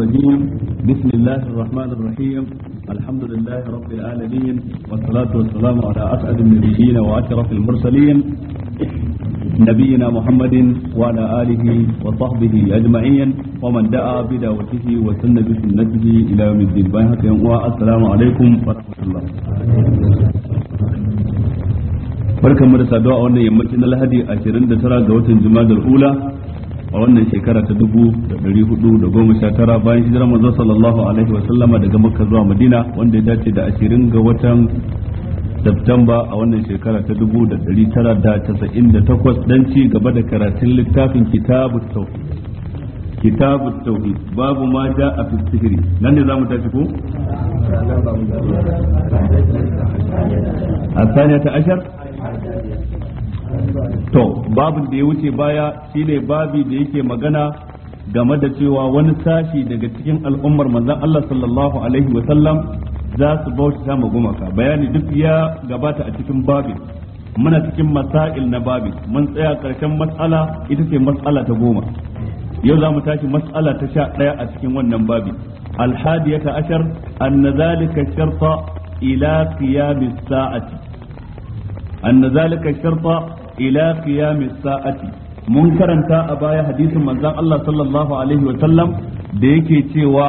الرجيم بسم الله الرحمن الرحيم الحمد لله رب العالمين والصلاة والسلام على أسعد النبيين وأشرف المرسلين نبينا محمد وعلى آله وصحبه أجمعين ومن دعا بدعوته وسن بسنته إلى يوم الدين والسلام عليكم ورحمة الله barkan مرسى دعوة أن a wannan أشرين na دوة الجمال الأولى a wannan shekara ta dubu da ɗari hudu da goma sha tara bayan hijirar manzo sallallahu alaihi wa sallama daga makka zuwa madina wanda ya dace da ashirin ga watan Septamba a wannan shekara ta dubu da ɗari tara da casa'in da takwas don ci gaba da karatun littafin kitabu tauhid kitabu tauhid babu ma ja a fi nan ne za mu tashi ko? a saniya ta ashar? to babin da ya wuce baya shine babi da yake magana game da cewa wani sashi daga cikin al'ummar manzon Allah sallallahu alaihi wa sallam za su bauta ma gumaka bayani duk ya gabata a cikin babin muna cikin masail na babin mun tsaya karshen matsala ita ce mas'ala ta goma yau za mu tashi matsala ta sha ɗaya a cikin wannan babin alhadiyata ashar annazalika zalika sharta ila qiyamis sa'ati anna sharta ila qiyamis sa'ati mun karanta a baya hadisin manzon Allah sallallahu alaihi wa sallam da yake cewa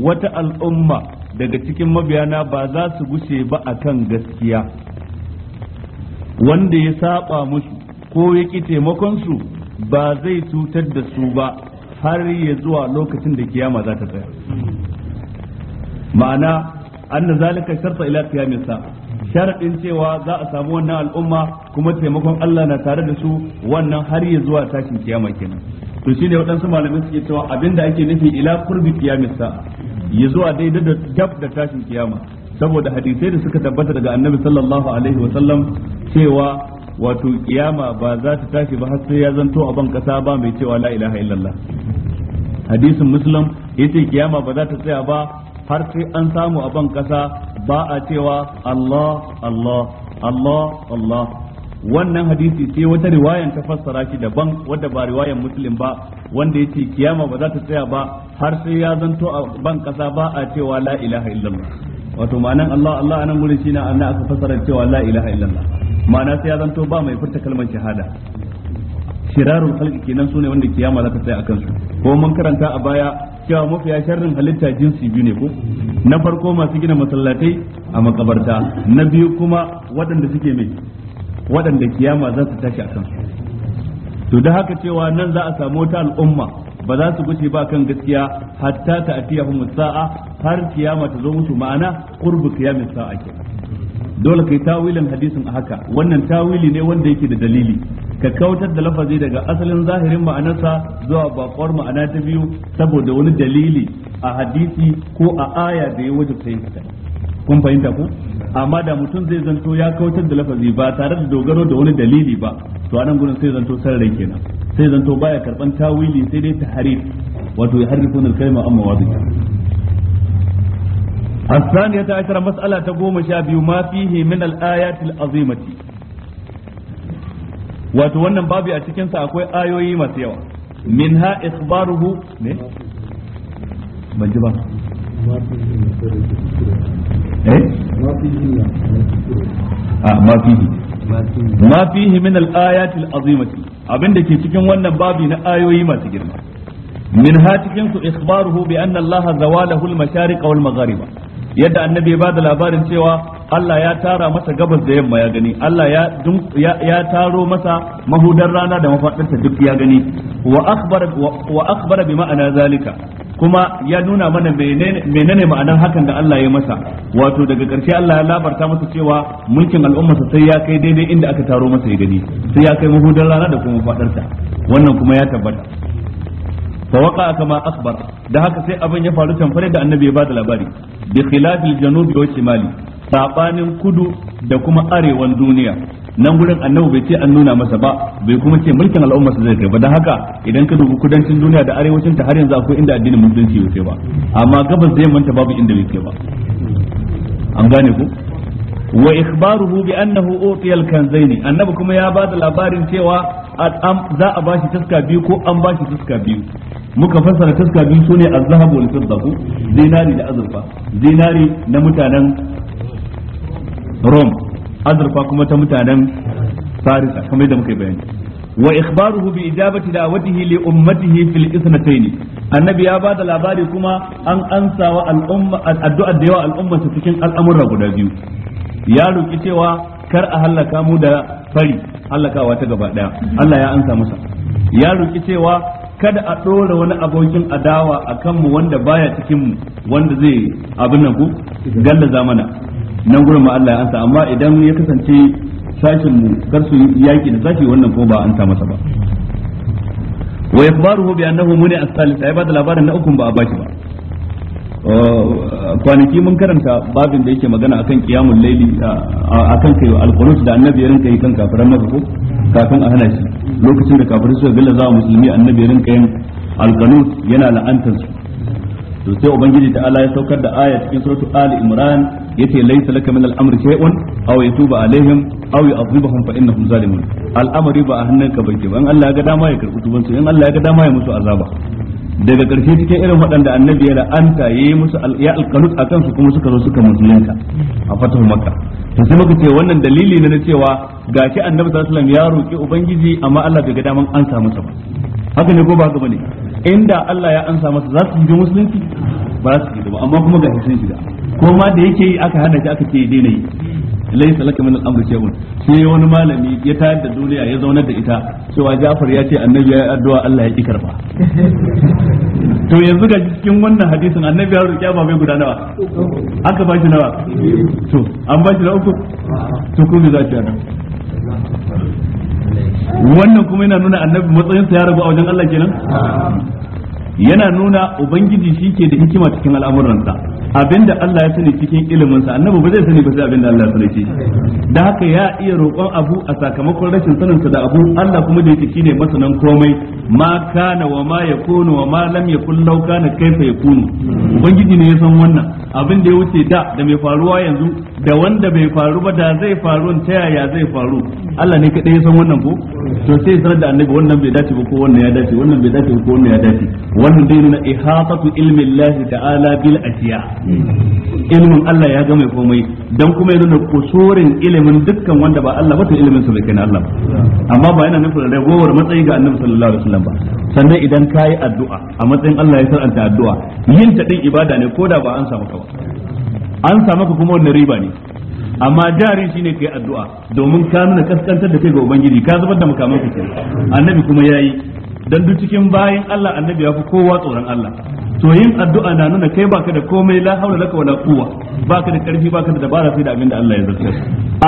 wata al'umma daga cikin mabiyana ba za su gushe ba akan gaskiya wanda ya saba musu ko ya ki taimakon ba zai cutar da su ba har ya zuwa lokacin da kiyama za ta tsaya ma'ana anna zalika sharta ila qiyamis sharadin cewa za a samu wannan al'umma kuma taimakon Allah na tare da su wannan har ya zuwa tashin kiyama kenan to shine waɗansu malamai suke cewa abinda ake nufi ila qurbi qiyamis sa'a ya zuwa daidai da dab da tashin kiyama saboda hadisai da suka tabbata daga annabi sallallahu alaihi wa sallam cewa wato kiyama ba za ta tashi ba har sai ya zanto a ban kasa ba mai cewa la ilaha illallah hadisin muslim yace kiyama ba za ta tsaya ba har sai an samu a ban kasa ba a cewa Allah Allah Allah Allah wannan hadisi sai wata riwayan ta fassara shi daban wadda ba riwayan muslim ba wanda ya ce kiyama ba za ta tsaya ba har sai ya zanto a ban kasa ba a cewa la ilaha illallah wato ma'anan Allah Allah anan gurin na annan aka fassara cewa la ilaha illallah ma'ana sai ya zanto ba mai furta kalmar shahada shirarul khalqi kenan sune wanda kiyama za ta tsaya akan su ko mun karanta a baya cewa mafiya sharrin halitta jinsi biyu ne ko na farko masu gina masallatai a makabarta na biyu kuma waɗanda suke mai waɗanda kiyama za su tashi a kan to da haka cewa nan za a samu wata al'umma ba za su guce ba kan gaskiya hatta ta atiyahum sa'a har kiyama ta zo musu ma'ana qurbu kiyamin sa'a kenan dole kai tawilin hadisin a haka wannan tawili ne wanda yake da dalili ka kautar da lafazi daga asalin zahirin ma'anarsa zuwa bakwar ma'ana ta biyu saboda wani dalili a hadisi ko a aya da ya wajabta yin haka kun fahimta ko amma da mutum zai zanto ya kautar da lafazi ba tare da dogaro da wani dalili ba to anan gurin sai zanto sarrai kenan sai zanto baya karban tawili sai dai tahrif wato ya harrifuna al-kalima amma wadi الثانية عشر مسألة تقوم شابي ما فيه من الآيات العظيمة وتوانا بابي أتكين سأكوي آيوي ما سيوا منها إخباره نه بنجبا إيه؟ آه ما فيه ما فيه من الآيات العظيمة abin da ke cikin wannan babi na ayoyi masu girma min ha cikin su ikhbaruhu bi anna allaha zawalahu al-mashariq wal maghariba yadda annabi ya bada labarin cewa Allah ya tara masa gabas da yamma ya gani Allah ya ya taro masa mahudar rana da mafadinta duk ya gani wa akhbara wa akhbara bi ma'ana zalika kuma ya nuna mana menene ma'anar hakan da Allah ya masa wato daga karshe Allah ya labarta masa cewa mulkin al'ummarsa sai ya kai daidai inda aka taro masa ya gani sai ya kai mahudar rana da kuma ta wannan kuma ya tabbata fa waka kama akbar da haka sai abin ya faru tamfare da annabi ya bada labari bi khilafi janubi wa shimali sabanin kudu da kuma arewan duniya nan gurin annabi bai ce an nuna masa ba bai kuma ce mulkin al'umma su zai kai ba dan haka idan ka dubi kudancin duniya da arewacin ta har yanzu akwai inda addinin musulunci yake ba amma gabas zai manta babu inda yake kai ba an gane ku wa ikhbaruhu bi annahu utiya al-kanzaini annabi kuma ya bada labarin cewa za a bashi taska biyu ko an bashi taska biyu muka fassara taska biyu sune a zahabu wal fidda ko zinari da azurfa zinari na mutanen Rome azurfa kuma ta mutanen Farisa kamar da muka bayani wa ikhbaruhu bi ijabati da'watihi li ummatihi fil ithnatayn annabi ya bada labari kuma an ansa wa al'umma addu'a da yawa al'umma cikin al'amurra guda biyu ya roki cewa kar a hallaka mu da fari hallakawa ta gaba daya Allah ya ansa masa ya roki cewa kada a ɗora wani abokin adawa a kanmu wanda baya cikinmu wanda zai abin nan ku gallaza mana nan gurin ma Allah ya ansa amma idan ya kasance sashin mu kar su yaki da sashi wannan ko ba an masa ba wa yakhbaruhu bi annahu muni as-salis ay ba da labarin na ukun ba a bashi ba Uh, kwanaki mun karanta babin da yake magana akan qiyamul laili uh, uh, akan kai alqurus da annabi ya rinka yi kan kafiran maka ko kafin a hana shi lokacin da kafirai suka galla za musulmi annabi ya rinka yin alqunut yana la'antar su to sai ubangiji ta Allah ya saukar da aya cikin suratul ali imran yace laysa laka min al-amri shay'un aw yatuba alaihim aw yu'adhibuhum fa innahum zalimun al'amari ba a bai ba in Allah ya ga dama ya karbi tubansu in Allah ya ga dama ya musu azaba daga ƙarshe cikin irin waɗanda annabi ya la'anta ya yi musu ya alƙalut a kansu kuma suka zo suka musulunta a fatahu makka to sai muka ce wannan dalili ne na cewa gashi annabi sallallahu alaihi ya roki ubangiji amma Allah bai ga daman an samu sa ba haka ne ko ba haka bane inda Allah ya ansa masa za su yi musulunci ba za su yi ba amma kuma ga sun shiga ko ma da yake yi aka hana shi aka ce daina yi laysa laka min al-amri shay'un sai wani malami ya tayar da duniya ya zaunar da ita cewa Ja'far ya ce annabi ya yi addu'a Allah ya ki karba to yanzu ga cikin wannan hadisin annabi ya roki bai guda nawa aka ba shi nawa to an ba shi na uku to ko za ki nan wannan kuma yana nuna annabi matsayinsa ya rabu a wajen Allah kenan yana nuna ubangiji shi ke da hikima cikin al'amuransa abinda Allah ya sani cikin ilimin sa annabi ba zai sani ba sai abinda Allah ya sani ce, da haka ya iya roƙon abu a sakamakon rashin sanin sa da abu Allah kuma da yake ne masanan komai ma kana wa ma yakunu wa ma lam yakun law kana kaifa yakunu ubangiji ne ya san wannan abin da ya wuce da da mai faruwa yanzu da wanda bai faru ba da zai faru ta yaya zai faru Allah ne kadai ya san wannan ko to sai sanar da annabi wannan bai dace ba ko wannan ya dace wannan bai dace ba ko wannan ya dace wannan dai na ihatatu ilmi Allah ta'ala bil ashiya ilimin Allah ya ga mai komai dan kuma yana kusurin ilimin dukkan wanda ba Allah ba to ilimin su bai kai na Allah amma ba yana nufin ragowar matsayi ga Annabi sallallahu alaihi wasallam ba sannan idan kai addu'a a matsayin Allah ya saranta addu'a yin ta din ibada ne koda ba an samu ka an samu ka kuma wannan riba ne amma jari shine kai addu'a domin ka nuna kaskantar da kai ga ubangiji ka zubar da makaman ka kenan annabi kuma yayi dan duk cikin bayin Allah annabi ya fi kowa tsoron Allah to yin addu'a na nuna kai baka da komai la haula laka wala quwwa baka da karfi baka da dabara sai da abin da Allah ya zartar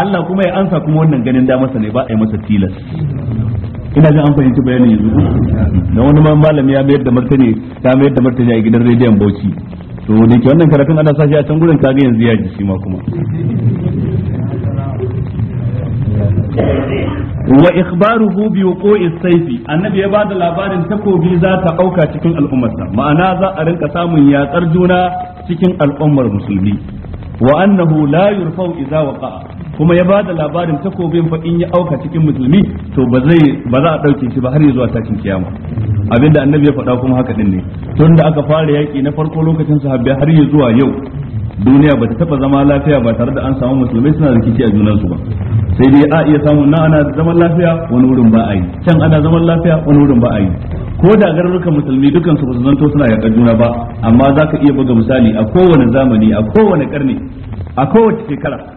Allah kuma ya ansa kuma wannan ganin da masa ne ba a yi masa tilas ina jin an fahimci bayanin yanzu da wani malami ya mayar da martani ta mayar da martani a gidan rediyon Bauchi to da ke wannan karatun ana sashi a can gurin kaga yanzu ya ji shi ma kuma wa ikhbaruhu bi wuqu'i sayfi annabi ya bada labarin takobi za ta auka cikin al'ummarsa ma'ana za a rinka samun yatsar juna cikin al'ummar musulmi wa annahu la yurfa'u idza waqa'a kuma ya bada labarin takobin fa in ya auka cikin musulmi to ba zai ba za a dauke shi ba har zuwa tashin kiyama abinda annabi ya faɗa kuma haka din ne tun da aka fara yaki na farko lokacin sahabbai har ya zuwa yau duniya ba ta taba zama lafiya ba tare da an samu musulmai suna rikici a junansu ba sai dai a iya samu na ana zaman lafiya wani wurin ba a yi can ana zaman lafiya wani wurin ba a yi ko da garurukan musulmi dukan su zanto suna yaƙar juna ba amma za ka iya buga misali a kowane zamani a kowane karni a kowace shekara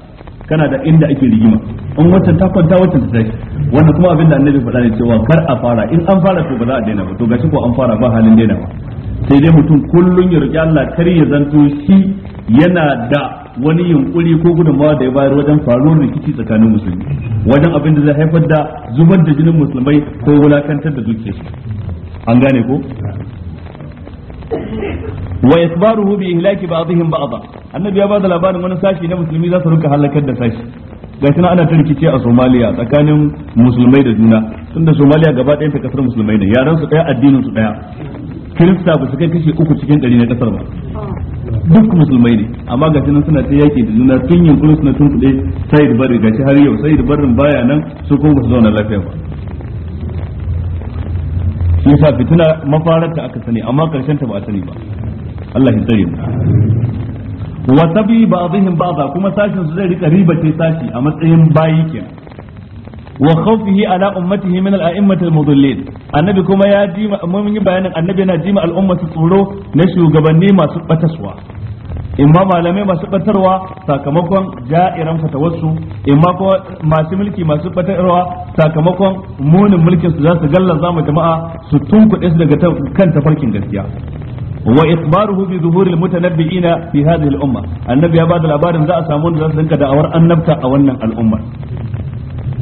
kana da inda ake rigima in wancan ta kwanta wancan ta tashi wannan kuma abin da annabi faɗa ne cewa kar a fara in an fara to ba za a daina ba to gashi ko an fara ba halin daina ba sai dai mutum kullun ya roki Allah kar ya zanto shi yana da wani yunkuri ko gudunmawa da ya bayar wajen faruwar rikici tsakanin musulmi wajen abin da zai haifar da zubar da jinin musulmai ko wulakantar da dukiyarsu an gane ko wa yasbaruhu bi ihlaki ba'dihim ba'dha annabi ya ba da labarin wani sashi na musulmi za su rinka halakar da sashi shi na ana ta rikici a Somalia tsakanin musulmai da juna tunda Somalia gaba ɗayan ta kasar musulmai ne yaran su ɗaya addinin su daya Kirista ba su kai kashi uku cikin ɗari na kasar ba duk musulmai ne amma ga nan suna ta yaki da juna sun yunkuri suna tun kuɗe sai da bari gashi har yau sai da barin baya nan su kuma ba su zauna lafiya ba shi yasa fitina mafararta aka sani amma karshen ta ba a sani ba Allah ya tsare mu wa tabi ba'dihim ba'dha kuma sashin su zai rika ce sashi a matsayin bayi kenan wa khawfihi ala ummatihi min al-a'immati al-mudallin annabi kuma ya ji mun yi bayanin annabi yana ji ma al'umma su tsoro na shugabanni masu bataswa ma malamai masu batarwa sakamakon ja'iran fatawarsu imma kuma masu mulki masu batarwa sakamakon munin mulkin su za su gallaza mu jama'a su tunkuɗe su daga kan tafarkin gaskiya wa isbaruhu bi zuhuril mutanabbi'ina fi hadhihi al-umma annabi ya bada labarin za a samu wanda za su rinka da'awar annabta a wannan al'ummar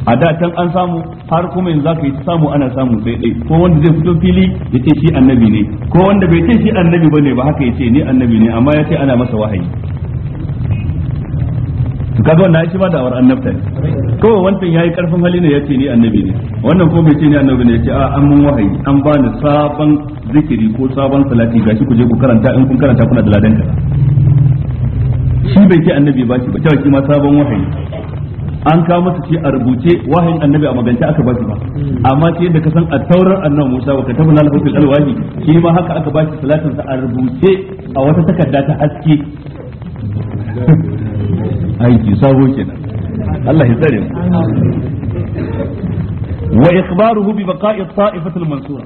a da can an samu har kuma yanzu zaka yi ta samu ana samu sai dai ko wanda zai fito fili ya ce shi annabi ne ko wanda bai ce shi annabi bane ba haka ya ce ni annabi ne amma ya ce ana masa wahayi kaga wannan shi ba da'awar annabta ne kawai yayi karfin hali ne ya ce ni annabi ne wannan ko bai ce ni annabi ne ce a an mun wahayi an bani sabon zikiri ko sabon salati gashi ku je ku karanta in kun karanta kuna da ladan shi bai ce annabi ba shi ba cewa shi ma sabon wahayi an kawo masa shi a rubuce wahayin annabi a magance aka ba shi ba amma shi yadda ka san a taurar annabi Musa wa kataba na fil alwahi shi ma haka aka ba shi salatin sa a rubuce a wata takarda ta haske aiki sabo kenan Allah ya tsare mu wa ikhbaruhu bi baqa'i ta'ifatul mansura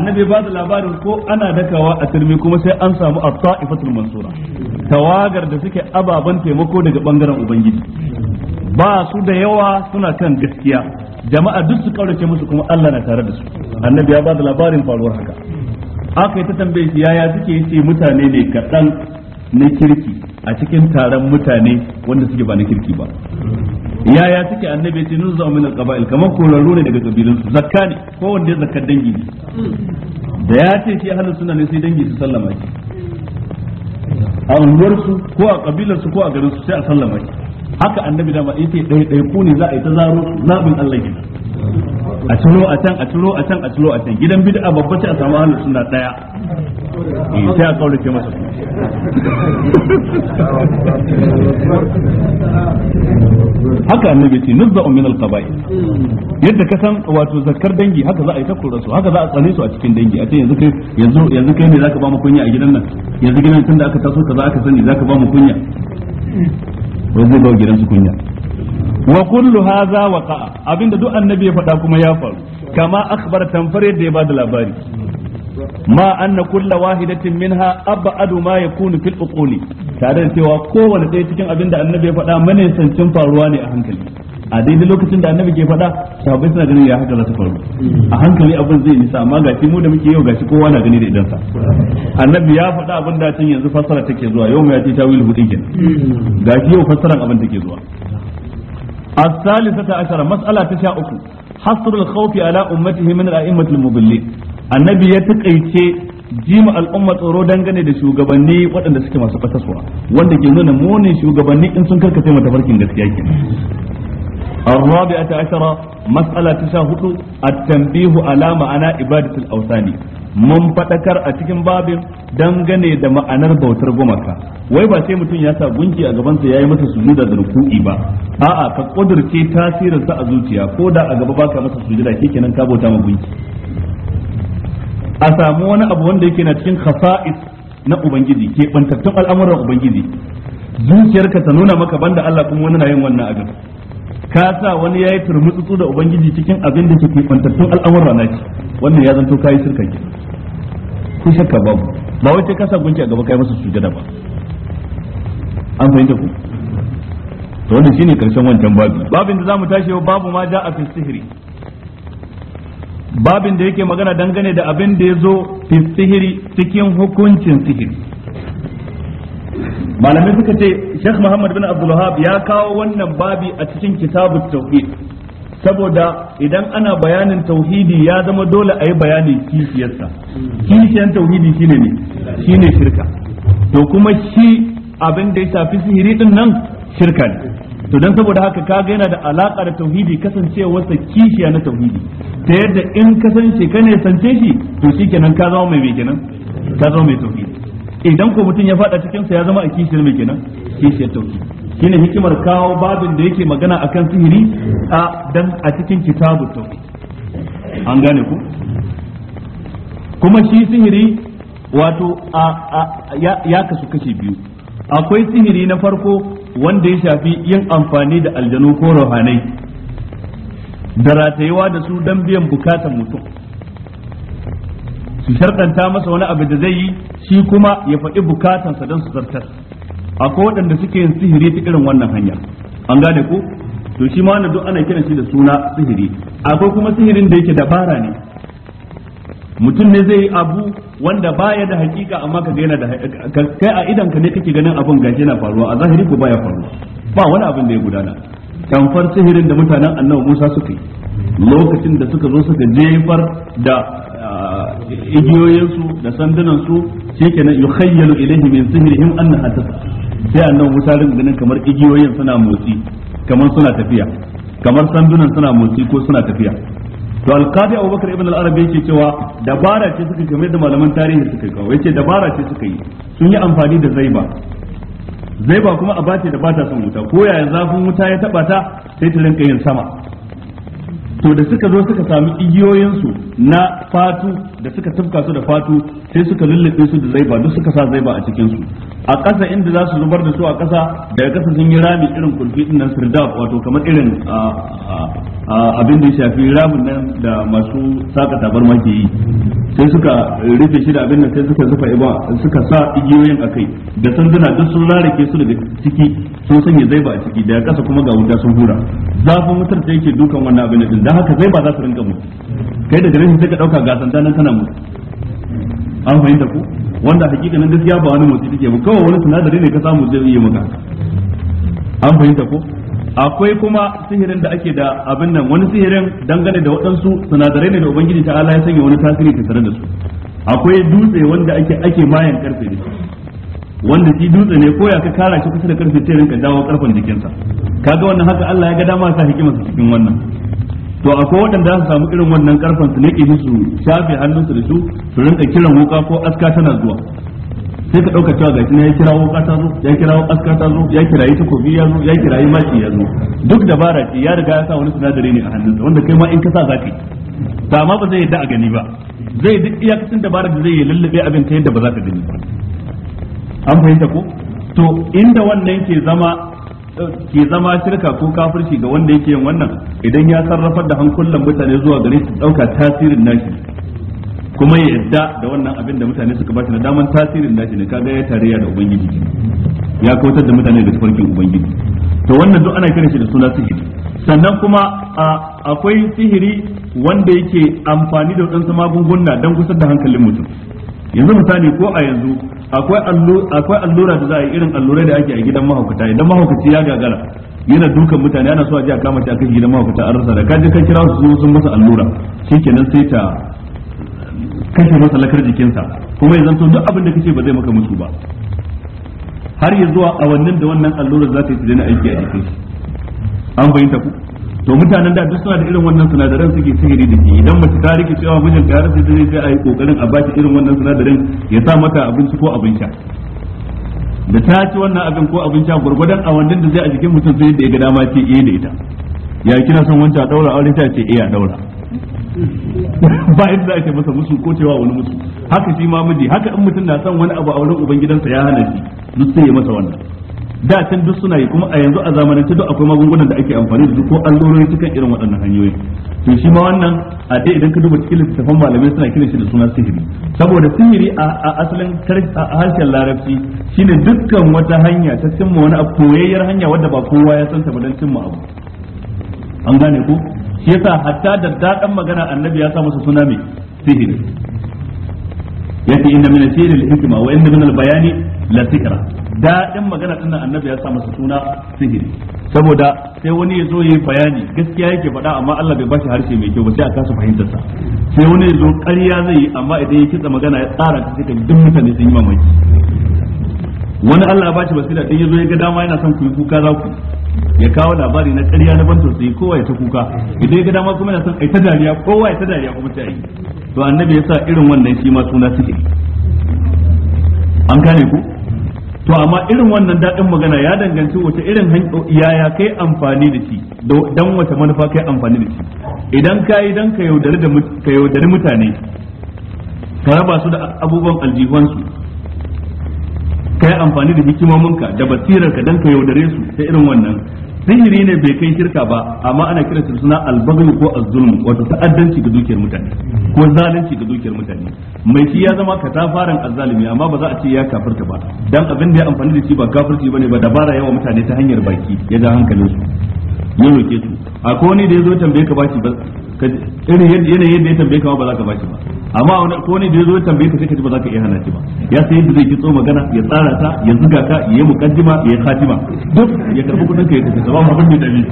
annabi ba da labarin ko ana dakawa a turmi kuma sai an samu a ta'ifatul mansura tawagar da suke ababen taimako daga bangaren ubangiji ba su da yawa suna kan gaskiya jama'a duk su kaurace musu kuma Allah na tare da su annabi ya ba da labarin faruwar haka aka yi ta tambaye shi yaya suke yace mutane ne kaɗan na kirki a cikin taron mutane wanda suke ba na kirki ba yaya suke annabi ya ce nun zama min alqaba'il kamar korarru ne daga kabilun su zakka ne ko wanda ya zakka dangi ne da ya ce shi ahlus sunna ne sai dangi su sallama shi a unguwarsu ko a kabilarsu ko a garinsu sai a sallama shi haka annabi da yace dai dai ku ne za a yi ta zaro zabin Allah gida a ciro a can a ciro a can a ciro a can gidan bid'a babba ce a samu ahlus sunna daya eh sai a ke masa haka annabi ce nuzza'u min al-qaba'i yadda ka san wato zakkar dangi haka za a yi ta kora su haka za a tsare su a cikin dangi a ce yanzu kai yanzu yanzu kai ne zaka ba mu kunya a gidan nan yanzu gidan tunda aka taso kaza aka sani zaka ba mu kunya wai zai bawa gidansu kunya wa kullu hadha waqa'a abinda duk annabi ya faɗa kuma ya faru kama akhbar tamfare da ya da labari ma anna kulla wahidatin minha abadu ma yakunu fil uquli tare da cewa kowanne ɗaya cikin abinda annabi ya faɗa manisancin faruwa ne a hankali a daidai lokacin da annabi ke fada sahabbai suna ganin ya haka za ta faru a hankali abin zai nisa amma ga mu da muke yau shi kowa na gani da idansa sa annabi ya faɗa abin da can yanzu fassara take zuwa yau ya ce ta tawil hudin ga shi yau fassaran abin take zuwa A ta uku عشرة uku ala حصر ala على أمته من الأئمة annabi ya يتقيتي jima al'umma tsoro dangane da shugabanni waɗanda suke masu ƙasaswa wanda ke nuna munin shugabanni in sun karkace mata farkin gaskiya kenan A الرابعة عشرة مسألة تشاهد التنبيه على معنى عبادة الأوثان mun faɗakar a cikin babin dangane da ma'anar bautar gumaka wai ba sai mutum ya sa gunki a gabansa ya yi masa sujuda da ruku'i ba a'a ka kudurce tasirinsa a zuciya ko da a gaba baka masa sujuda kenan ka bauta ma gunki a samu wani abu wanda yake na cikin khasa'is na ubangiji ke bantattun al'amuran ubangiji zuciyarka ta nuna maka banda Allah kuma na yin wannan abin ka sa wani yayi turmutsutsu da ubangiji cikin abin da ke kwantattun na naki wannan ya zanto kayi shirkan ki ku shakka babu ba wai sai ka sa gunki a gaba kai masa sujada ba an fahimta ku to wannan shine karshen wancan babu babin da zamu tashi babu ma ja'a fi sihiri babin da yake magana dangane da abin da ya zo fi sihiri cikin hukuncin sihiri malamai suka ce Sheikh Muhammad bin Abdulwahab ya kawo wannan babi a cikin kitabut tauhid saboda idan ana bayanin tauhidi ya zama dole a yi bayanin kishiyarsa kishiyar tauhidi shine ne shine shirka to kuma shi abin da ya shafi sihiri din nan shirka ne to dan saboda haka kaga yana da alaka da tauhidi kasancewarsa kishiya na tauhidi ta yadda in kasance ka ne sance shi to shikenan ka zama mai kenan ka zama mai tauhidi idan ko mutum ya fada cikin sa ya zama a kishiyar mai kenan kishiyar tauki shine hikimar kawo babin da yake magana akan sihiri a dan a cikin kitabu tauhid an gane ku kuma shi sihiri wato ya kasu kashe biyu akwai sihiri na farko wanda ya shafi yin amfani da aljanu ko rohanai da ratayewa da su dan biyan bukatan mutum su sharɗanta masa wani abu da zai yi shi kuma ya faɗi bukatansa don su zartar akwai waɗanda suke yin sihiri ta irin wannan hanya an gane ko to shi ma wannan duk ana kiran shi da suna sihiri akwai kuma sihirin da yake dabara ne mutum ne zai yi abu wanda baya da hakika amma ka yana da kai a idan ka ne kake ganin abun gashi yana faruwa a zahiri ko baya faruwa ba wani abin da ya gudana tamfar sihirin da mutanen annabi Musa suka yi lokacin da suka zo suka jefar da igiyoyinsu da sandunansu shi ke nan yukhayyalu ilaihi min sihrihim annaha tas'a sai annabi Musa ganin kamar igiyoyin suna motsi kamar suna tafiya kamar sandunan suna motsi ko suna tafiya to alqadi abubakar ibn al-arabi yake cewa dabara ce suka kamar da malaman tarihi suka kawo yace dabara ce suka yi sun yi amfani da zaiba zaiba kuma a bace da bata son wuta ko yaya zafin wuta ya taba ta sai ta rinka yin sama to da suka zo suka sami igiyoyinsu na fatu da suka tufka su da fatu sai suka lullube su da zaiba duk suka sa zaiba a cikin su a ƙasa inda za su zubar da su a ƙasa daga ƙasa sun yi rami irin kulfi din nan sirdab wato kamar irin abin da ya shafi ramin nan da masu saka tabar ke yi sai suka rufe shi da abin nan sai suka zufa iba suka sa igiyoyin a kai da sanduna duk sun rarrake su daga ciki sun sanya zai ba a ciki daga ƙasa kuma ga wuta sun hura zafin wutar ta yake dukan wannan abin din da haka zai ba za su rinka mutu kai da gare sai ka ɗauka ga nan tana mutu an fahimta ku wanda hakikanin gaskiya ba wani motsi take ba kawai wani sinadari ne ka samu zai yi maka an fahimta ko akwai kuma sihirin da ake da abin nan wani sihirin dangane da waɗansu sinadarai ne da ubangiji ta Allah ya sanya wani tasiri tare da su akwai dutse wanda ake ake mayan karfe da wanda shi dutse ne ko ya ka kara shi kusa da karfe sai rinka dawo karfin jikinsa kaga wannan haka Allah ya ga dama sa hikimarsa cikin wannan to akwai waɗanda za su samu irin wannan karfan su ibi su shafe hannunsu da su su rinka kiran wuka ko aska tana zuwa sai ka ɗauka cewa gashi ya kira wuka ta zo ya kira aska ta zo ya yi takobi ya zo ya yi maki ya zo duk dabara ce ya riga ya sa wani sinadari ne a hannunsa wanda kai ma in ka sa za ka yi to amma ba zai yadda a gani ba zai duk iyakacin dabara da zai yi lullube abin ta yadda ba za ka gani ba an fahimta ko to inda wannan ke zama ke zama shirka ko kafirci ga wanda yake yin wannan idan ya sarrafar da hankulan mutane zuwa gare su dauka tasirin nashi kuma ya yadda da wannan abin da mutane suka bashi na daman tasirin nashi ne kaga ya tarayya da ubangiji ya kautar da mutane da tafarkin ubangiji to wannan duk ana kiran shi da suna sihiri sannan kuma akwai sihiri wanda yake amfani da wadansu magunguna don kusa da hankalin mutum yanzu misali ko a yanzu akwai allura da za a yi irin allurai da ake a gidan mahaukata idan mahaukaci ya gagara yana dukan mutane ana so a je a kama shi a kan gidan mahaukata an rasa da kaje kan kira su sun masa allura shikenan sai ta kashe masa lakar jikinsa kuma ya to duk abin da kace ba zai maka mutu ba har ya zuwa awannin da wannan allurar za ta yi ta aiki a jikin an bayyanta ku to mutanen da duk suna da irin wannan sinadaran suke sihiri da shi idan mace ta rike cewa mijin ta rasa zai sai a yi kokarin a baki irin wannan sinadarin ya sa mata abinci ko abin sha da ta ci wannan abin ko abin sha gurgurdan a wandin da zai a jikin mutum zai da ya ga dama ce eh da ita ya kina son wancan a daura aure ta ce eh a daura ba yadda ake masa musu ko cewa wani musu haka shi ma miji haka in mutum na son wani abu a wurin ubangidansa ya hana shi duk sai ya masa wannan da can duk suna yi kuma a yanzu a zamanin duk akwai magungunan da ake amfani da su ko allurori cikin irin waɗannan hanyoyi to shi ma wannan a dai idan ka duba cikin littattafan malamai suna kiran shi da suna sihiri saboda sihiri a asalin harshen larabci shine dukkan wata hanya ta cimma wani abu koyayyar hanya wadda ba kowa ya san ta ba don cimma abu an gane ko shi yasa hatta da daɗan magana annabi ya sa masa suna mai sihiri yake inda min sihiri al wa inna min al-bayani la sihra daɗin magana ɗin annabi ya sa masa suna sihiri saboda sai wani ya zo yi bayani gaskiya yake faɗa amma Allah bai bashi harshe mai kyau ba sai a kasa fahimtar sa sai wani ya zo ƙarya zai yi amma idan ya kitsa magana ya tsara ta cikin duk mutane sun yi mamaki wani Allah ba shi basira dan ya zo ya ga dama yana son ku yi kuka za ku ya kawo labari na ƙarya na ban tausayi kowa ya ta kuka idan ya ga dama kuma yana son ai ta dariya kowa ya ta dariya kuma ta yi to annabi ya sa irin wannan shi ma suna sihiri an gane ku to amma irin wannan daɗin magana ya danganci wace irin yaya kai amfani da shi don wace manufa kai amfani da shi idan ka yi don ka yaudari mutane ka raba su da abubuwan aljihuwansu ka yi amfani da hikimominka da basirarka don ka yaudare su ta irin wannan sihiri ne bai kai shirka ba amma ana kiransa da suna albaglu ko azzulm wato ta'addanci ga dukiyar mutane ko zalunci ga dukiyar mutane mai shi ya zama katafaren azzalimi amma ba za a ce ya kafirta ba dan abin da ya amfani da shi ba kafirci bane ba dabara yawa mutane ta hanyar baki ya ga hankalin su ya roke su akwai wani da ya zo tambaye ka bashi ba irin yanayin yadda ya tambaye ka ba za ka bashi ba amma wani ko ne da ya zo tambaye ka sai ka ji ba za ka iya hana shi ba ya sai yadda zai kitso magana ya tsara ta ya zuga ka ya yi mukaddima ya yi khatima duk ya karbi kudin ka ya tafi ba abin da dabi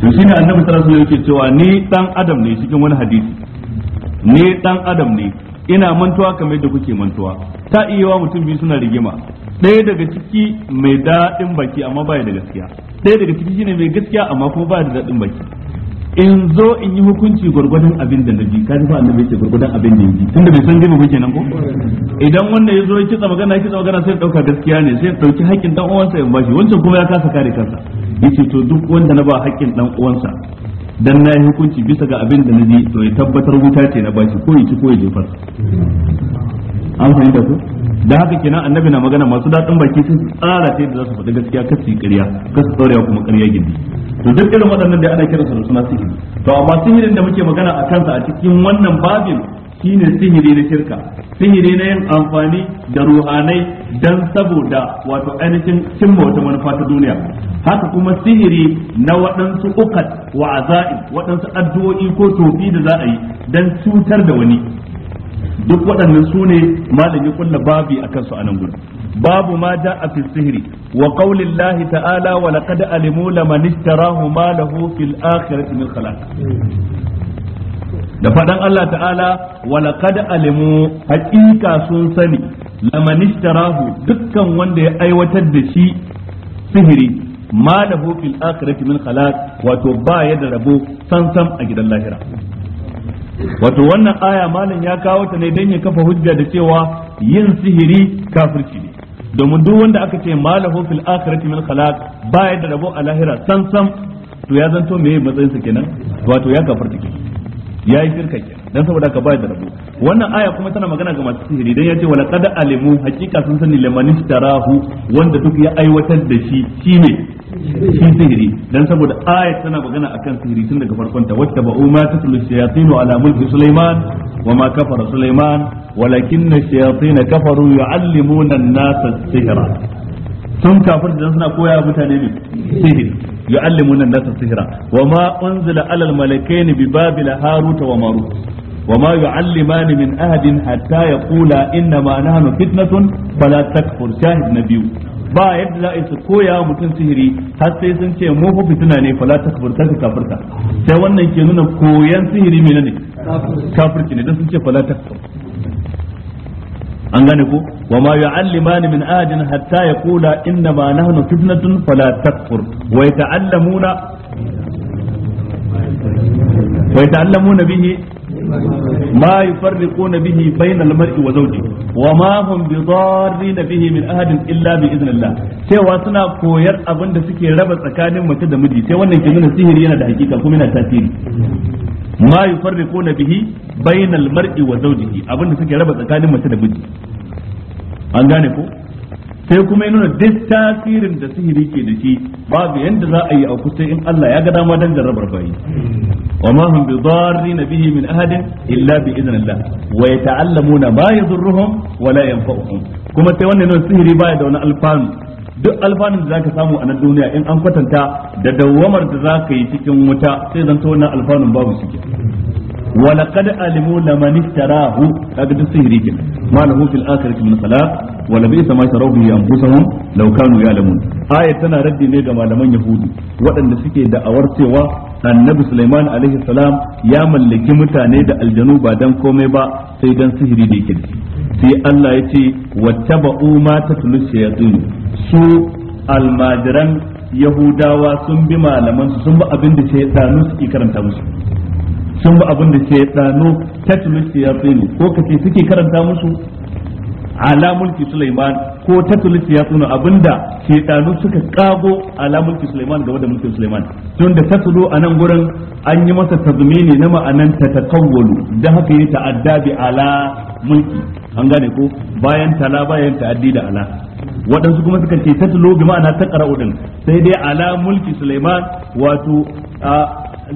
to shine annabi sallallahu alaihi wasallam yake cewa ni dan adam ne cikin wani hadisi ni dan adam ne ina mantuwa kamar yadda kuke mantuwa ta iya yawa mutum biyu suna rigima ɗaya daga ciki mai daɗin baki amma baya da gaskiya ɗaya daga ciki shine mai gaskiya amma kuma baya da daɗin baki in zo in yi hukunci gwargwadon abin da nabi kaji fa annabi ce gwargwadon abin da tun tunda bai san gaba ba kenan ko idan wannan ya zo ya kitsa magana kitsa magana sai dauka gaskiya ne sai dauki haƙƙin dan uwansa ya bashi wancan kuma ya kasa kare kansa yace to duk wanda na ba haƙƙin dan uwansa dan na yi hukunci bisa ga abin da naji to ya tabbatar wuta ce na bashi ko ya ci ko ya jefar an fahimta su. da haka kenan annabi na magana masu daɗin baki sun tsara ta yadda za su faɗi gaskiya kar su yi ƙarya kar su tsorewa kuma ƙarya gindi to duk irin waɗannan da ana su da suna sihiri to amma sihirin da muke magana a kansa a cikin wannan babin shine sihiri na shirka sihiri na yin amfani da ruhanai dan saboda wato ainihin cimma wata manufa ta duniya haka kuma sihiri na waɗansu ukat wa aza'i waɗansu addu'o'i ko tofi da za a yi dan cutar da wani duk waɗannan su ne malam ya kulla babi akan su a nan gudu babu ma ja'a fi sihiri. wa ta'ala wa kada alimu laman ishtarahu ma lahu fil akhirati min khalaq da faɗan Allah ta'ala wa kada alimu haƙiƙa sun sani laman dukkan wanda ya aiwatar da shi sihiri ma fil akhirati min khalaq wato ba ya da rabo sansan a gidan lahira wato wannan aya malam ya kawo ta ne don ya kafa hujja da cewa yin sihiri kafirci ne domin duk wanda aka ce malahu fil akhirati min khalaq baya da rabo a lahira san to ya zanto me matsayin sa kenan wato ya kafirta ke ya yi shirka ke dan saboda ka baya da rabo wannan aya kuma tana magana ga masu sihiri dan yace wala qad alimu hakika sun sani lamani wanda duk ya aiwatar da shi shine shi sihiri dan saboda ayat tana magana akan sihiri tun daga farkon ta wacce ba umma tatlu shayatin ala mulki sulaiman wa ma kafara sulaiman walakin shayatin kafaru yuallimuna an-nas as-sihra sun kafir dan suna koya mutane ne sihiri yuallimuna an-nas as-sihra wa ma unzila ala al-malakaini bi babila harut wa marut وما يعلمان من أحد حتى يقولا إنما نحن فتنة فلا تكفر شاهد نبيه ba yadda za a yi su koya mutum sihiri har sai sun ce mu fa fitina ne fala takfur ka kafirta sai wannan ke nuna koyan sihiri menene kafirci ne don sun ce fala takfur an gane ko wa ma yu'allimani min ahadin hatta kula inna ma nahnu fitnatun fala takfur wa yata'allamuna wa yata'allamuna bihi ما يفرقون به بين المرء وزوجه وما هم بضارين به من احد الا باذن الله cewa suna koyar abin da suke raba tsakanin mace da miji sai wannan ke nuna sihiri yana da hakika kuma yana tasiri ma yufarriquna bihi bainal mar'i wa zawjihi abin da suke raba tsakanin mace da miji an gane ko sai kuma ya nuna duk tasirin da sihiri ke da shi babu yanda za a yi a kusa in Allah ya ga dama dan jarrabar bayi wa ma hum bidarrin bihi min ahadin illa bi idnillah wa yata'allamuna ma yadurruhum wa la yanfa'uhum kuma sai wannan nuna sihiri baya da wani alfanu duk alfanun da zaka samu a nan duniya in an kwatanta da dawwamar da zaka yi cikin wuta sai zanto wannan alfanun babu shi wa laqad alimu laman ishtarahu kaga duk sihiri kin ma lahu fil akhirati min salat wa la bi'sa ma sharahu anfusuhum law kanu ya'lamun tana raddi ne ga malaman yahudi waɗanda suke da'awar cewa annabi sulaiman alaihi salam ya mallaki mutane da aljanu ba dan komai ba sai dan sihiri da yake sai Allah ya ce wattaba'u ma tatlu shayatin su almajiran yahudawa sun bi malamansu sun bi abin da shaytanu suke karanta musu sun ba abin da ke dano tatulu shayatinu ko ce suke karanta musu ala mulki Suleiman ko tatulu abin abinda ke dano suka kago ala mulki Suleiman game da mulkin Suleiman tun da tatulu a nan gurin an yi masa tazmini na ma'anan tatakawwalu da haka yi ta'adda bi ala mulki an gane ko bayan tala bayan ta'addi da ala waɗansu kuma suka ce tatulu bi ma'ana ta ƙara'udin sai dai ala mulki Suleiman wato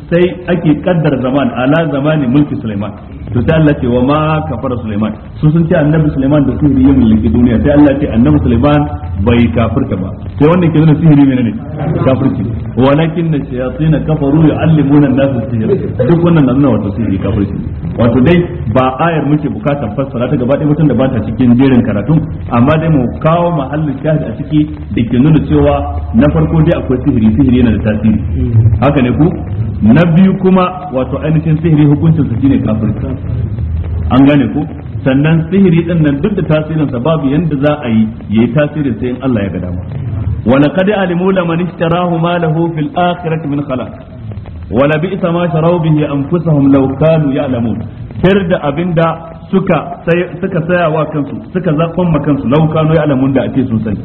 sai ake kaddar zaman ala zamani mulki Sulaiman to sai Allah ce wa ma kafara Sulaiman su sun ce annabi Sulaiman da sihiri ya mulki duniya sai Allah ce annabi Sulaiman bai kafirta ba sai wannan ke nuna sihiri menene kafirci walakin na shayatin kafaru yu'allimuna an-nas sihir duk wannan na nuna wato sihiri kafirci wato dai ba ayar muke bukatar fassara ta gaba ɗaya mutum da ba ta cikin jerin karatun amma dai mu kawo mahallin shahid a ciki da ke nuna cewa na farko dai akwai sihiri sihiri yana da tasiri haka ne ku na biyu kuma wato ainihin sihiri hukuncin su shine kafirci an gane ko sannan sihiri din nan duk da tasirin sa babu yanda za a yi yayi tasirin sai in Allah ya ga dama wa laqad alimu laman ishtarahu ma lahu fil akhirati min khalaq wa la bi'sa ma sharaw bihi anfusahum law kanu ya'lamun sir da abinda suka suka saya wa kansu suka zakon law kanu ya'lamun da ake sun sani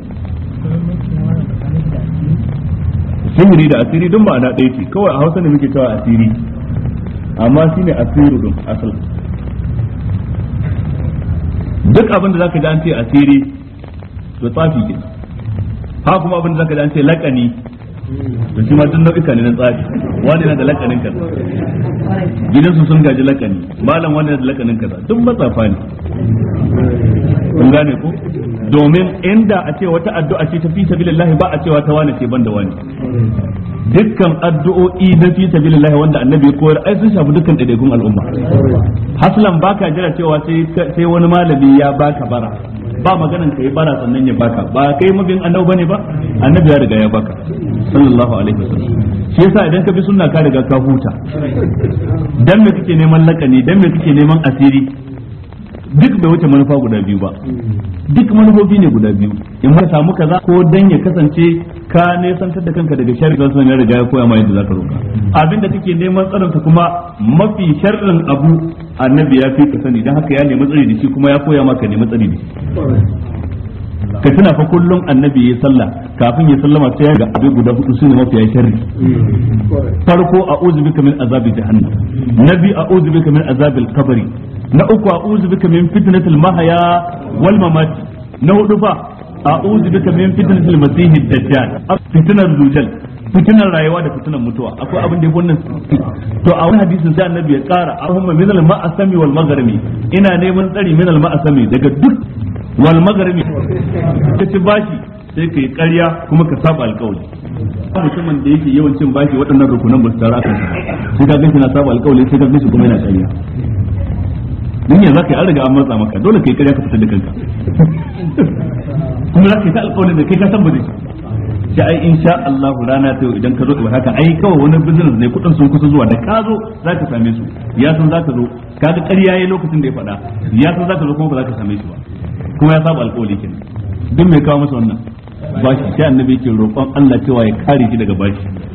sihiri da asiri duk ma'ana ɗaya ce kawai a hausa ne muke cewa asiri amma shine asiru don asal duk abin da zaka ji an ce asiri to tsafi ke ha kuma abin da zaka ji an ce lakani to shi ma duk nau'ika ne na tsafi wani na da lakanin kaza gidansu sun gaji lakani malam wani na da lakanin kaza duk matsafa ne kun gane ko domin inda a ce wata addu'a ce ta fi sabilillahi ba a cewa ta wani ce banda wani dukkan addu'o'i na fi sabilillahi wanda annabi ya koyar ai sun shafi dukkan ɗaiɗaikun al'umma haslan baka jira cewa sai wani malami ya baka bara ba maganan ka yi bara sannan ya baka ba kai mabin annabi bane ba annabi ya riga ya baka sallallahu alaihi wasallam shi yasa idan ka bi sunna ka riga ka huta dan me kake neman lakani dan me kake neman asiri duk bai wuce manufa guda biyu ba duk manufofi ne guda biyu in ma samu kaza ko dan ya kasance ka nesantar da kanka daga sharri don sanar da ya koya ma yadda zaka roka abin da kake neman tsaron ka kuma mafi sharrin abu annabi ya fi ka sani dan haka ya nemi tsari da shi kuma ya koya maka nemi tsari da shi ka tuna fa kullum annabi ya sallah kafin ya sallama sai ga abin guda hudu sune mafiya sharri farko a'udhu bika min azabi jahannam nabi a'udhu bika min azabil qabri na uku a'udhu bika min fitnatil mahya wal mamat na hudu fa a'udhu bika min fitnatil masihid dajjal fitnar dujal fitinar rayuwa da fitinar mutuwa akwai abin da ya wannan to a wani hadisin sai annabi ya kara allahumma min al ma'asami wal magharimi ina neman tsari min al ma'asami daga duk wal magharimi kace bashi sai kai ƙarya kuma ka saba alƙawari mutumin da yake yawan cin bashi waɗannan rukunan ba su tara kan sai ka ganshi na saba alƙawari sai ka ganshi kuma yana ƙarya duniya za ka yi an riga an matsa maka dole ka yi kariya ka fitar da kanka kuma za ka yi ta alƙawarin da kai ka san bane zai ai in sha Allah rana ta yau idan ka zo ka haka ai kawai wani business ne kudin sun kusa zuwa da ka zo za ka same su ya san za ka zo ka ga ƙarya yayi lokacin da ya faɗa ya san za ka zo kuma ba za ka same su ba kuma ya saba alƙawari kenan duk mai kawo masa wannan bashi sai annabi yake roƙon Allah cewa ya kare shi daga bashi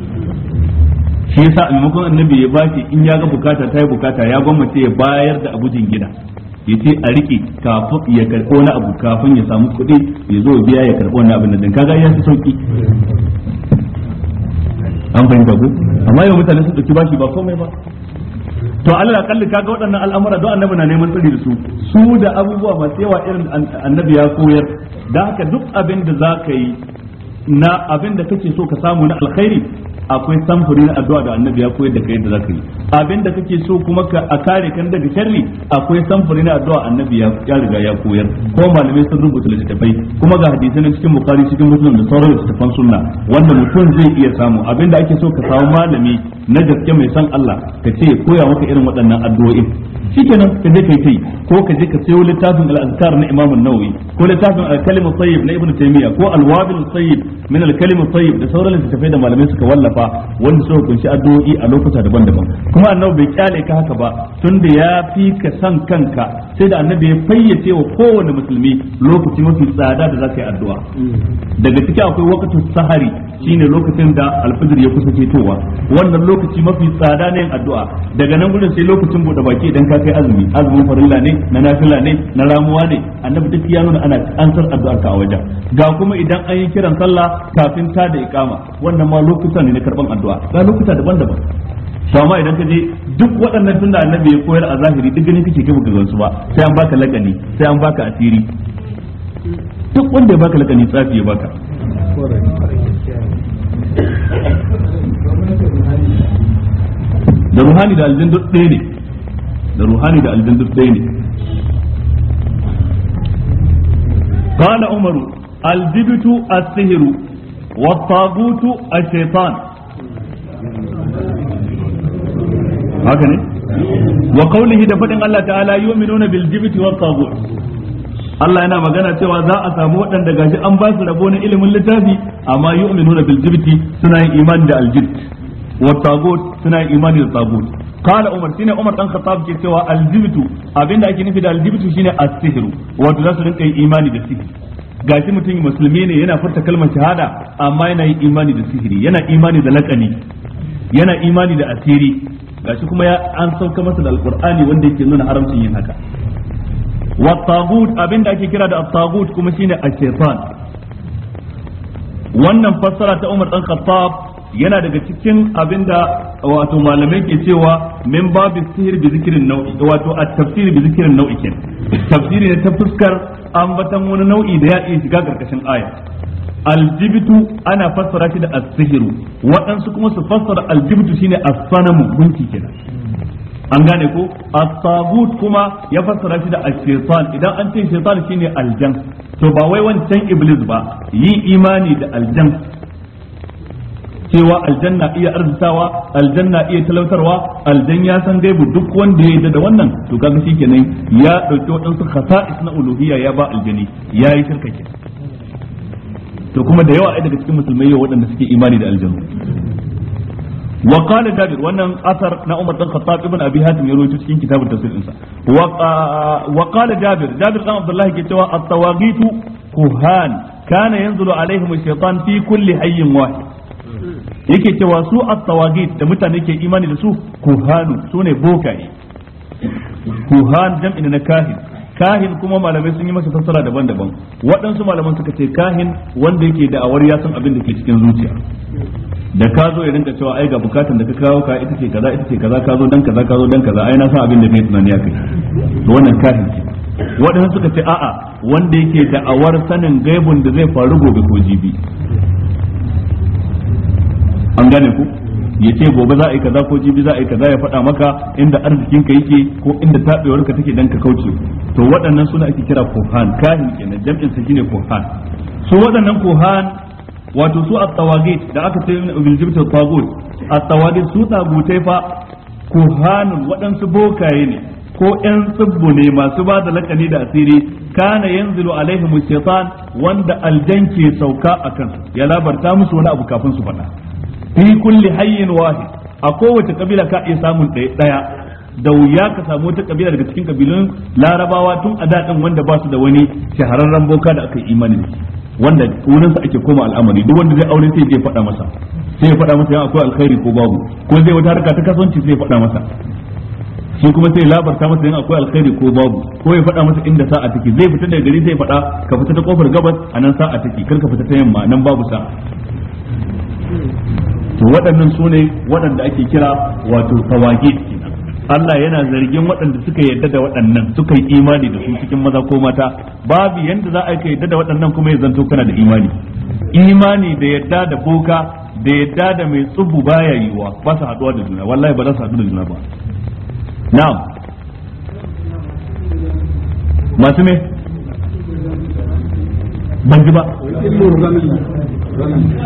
shi yasa a maimakon annabi ya bashi in ya ga bukata ta yi bukata ya gwammace ya bayar da abu jingina ya ce a rike kafin ya karɓo wani abu kafin ya samu kuɗi ya zo biya ya karɓo wani abin nan kaga ya fi sauƙi. an fahimta ko amma yau mutane su ɗauki bashi ba komai ba to Allah akalli kaga waɗannan al'amura don annabi na neman tsari da su su da abubuwa masu yawa irin annabi ya koyar da haka duk abin da za ka yi na abin da kake so ka samu na alkhairi akwai samfuri na addu'a da annabi ya koyar da kai yadda zaka yi abin da kake so kuma ka a kare kan daga sharri akwai samfuri na addu'a annabi ya riga ya koyar ko malamai sun rubuta littattafai kuma ga hadisi na cikin bukhari cikin muslim da sauran littattafan sunna wanda mutum zai iya samu abin da ake so ka samu malami na gaske mai san Allah ka ce koya maka irin waɗannan addu'o'in shikenan ka je kai kai ko ka je ka sayo littafin al-azkar na Imam an-Nawawi ko littafin al-kalimatu tayyib na Ibn Taymiyyah ko al-wabil tayyib min al-kalimu da sauran littattafai da malamai suka wallafa wanda suka kunshi addu'o'i a lokuta daban-daban kuma annabi bai kyale ka haka ba tunda ya fi ka san kanka sai da annabi ya fayyace wa kowane musulmi lokaci mafi tsada da za ka yi addu'a daga ciki akwai waqtu sahari shine lokacin da alfajir ya kusa fitowa wannan lokaci mafi tsada ne addu'a daga nan gudun sai lokacin bude baki idan ka kai azumi azumin farilla ne na nafila ne na ramuwa ne annabi duk ya nuna ana ansar addu'ar ka a wajen ga kuma idan an yi kiran sallah sallah kafin ta da ikama wannan ma lokuta ne na karban addu'a ga lokuta daban-daban to amma idan ka je duk waɗannan tunda annabi ya koyar a zahiri duk ganin kake kai baka su ba sai an baka lagani sai an baka asiri duk wanda ya baka lagani tsafi ya baka da ruhani da aljin duk ɗaya ne da ruhani da aljin duk ɗaya ne قال عمر الجبت السهر والطاغوت الشيطان هكذا وقوله دفن الله تعالى يؤمنون بالجبت والطاغوت Allah yana magana cewa za a samu waɗanda gashi an ba su rabo na ilimin littafi amma yu'minuna bil biljibiti suna yin imani da aljibt wa tagut suna yin imani da tagut Kala umar shine umar ɗan khattab ke cewa aljibtu abinda ake nufi da aljibtu shine a sihiru wato za su rinka yin imani da sihiri gashi mutum musulmi ne yana furta kalmar shahada amma yana yin imani da sihiri yana imani da lakani yana imani da asiri gashi kuma ya an sauka masa da alqur'ani wanda yake nuna haramcin yin haka wa tagut abinda ake kira da tagut kuma shine ash-shaytan wannan fassara ta Umar dan Khattab yana daga cikin abinda wato malamai ke cewa min babu sihir bi zikirin nau'i wato at-tafsir bi zikirin nau'i tafsiri ne ta fuskar ambatan wani nau'i da ya iya shiga karkashin aya aljibitu ana fassara shi da asihiru waɗansu kuma su fassara aljibitu shine asanamu gunki kenan an gane ko at kuma ya fassara shi da ash-shaytan idan an ce shaytan shine aljan to ba wai wancan iblis ba yi imani da aljan cewa aljanna iya arzutawa aljanna iya talautarwa aljan ya san gaibu duk wanda ya yi da wannan to kaga shikenan ya dauki waɗansu khasa'is na uluhiyya ya ba aljani ya yi shirka ke to kuma da yawa ai daga cikin musulmai yau waɗanda suke imani da aljanu wa qala jabir wannan asar na umar dan khattab ibn abi hatim ya rawaito cikin kitabun tafsir insa wa qala jabir jabir dan abdullah ke cewa at-tawaqitu kuhan kana yanzulu alaihim ash-shaytan fi kulli hayyin wahid yake cewa su at da mutane ke imani da su kuhanu sune bokaye kuhan jam'in na kahin kahin kuma malamai sun yi masa fassara daban-daban waɗansu malaman suka ce kahin wanda yake da awar ya san abin da ke cikin zuciya da ka zo ya rinka cewa ai ga bukatan da ka kawo ka ita ce kaza ita ce kaza ka zo dan kaza ka zo dan kaza ai na san abin da kai tunani ya kai to wannan kahin ce waɗansu suka ce a'a wanda yake da awar sanin gaibun da zai faru gobe ko jibi an gane ku ya ce gobe za a yi kaza ko jibi za a yi kaza ya faɗa maka inda arzikin ka yake ko inda taɓewar ka take dan ka kauce to waɗannan suna ake kira kohan kahin kenan jam'in sa shine kohan su waɗannan kohan wato su at-tawagit da aka ce bil jibta tagut at-tawagit su tagutai fa kohanun waɗansu bokaye ne ko ƴan tsibbu ne masu ba da lakani da asiri kana yanzilu alaihimu shaitan wanda aljan ke sauka akan ya labarta musu wani abu kafin su faɗa fi kulli hayyin wahid a kowace kabila ka iya samun ɗaya da wuya ka samu wata kabila daga cikin kabilun larabawa tun a daɗin wanda ba su da wani shahararren boka da aka yi imani wanda wurinsa ake koma al'amari duk wanda zai aure sai zai faɗa masa sai ya faɗa masa ya akwai alkhairi ko babu ko zai wata harka ta kasance sai ya faɗa masa Ko kuma sai labarta masa yin akwai alkhairi ko babu ko ya faɗa masa inda sa'a take zai fita daga gari sai ya faɗa ka fita ta kofar gabas a nan sa'a take kar ka fita ta yamma nan babu sa'a to waɗannan su ne waɗanda ake kira wato tawage Allah yana zargin waɗanda suka yadda da waɗannan suka yi imani da su cikin maza ko mata babu yanda za a yadda da waɗannan kuma ya zanto kana da imani imani da yadda da boka da yadda da mai tsubu baya yiwa ba su haɗuwa da juna wallahi ba za su haɗu da juna ba na'am masu me ban ji ba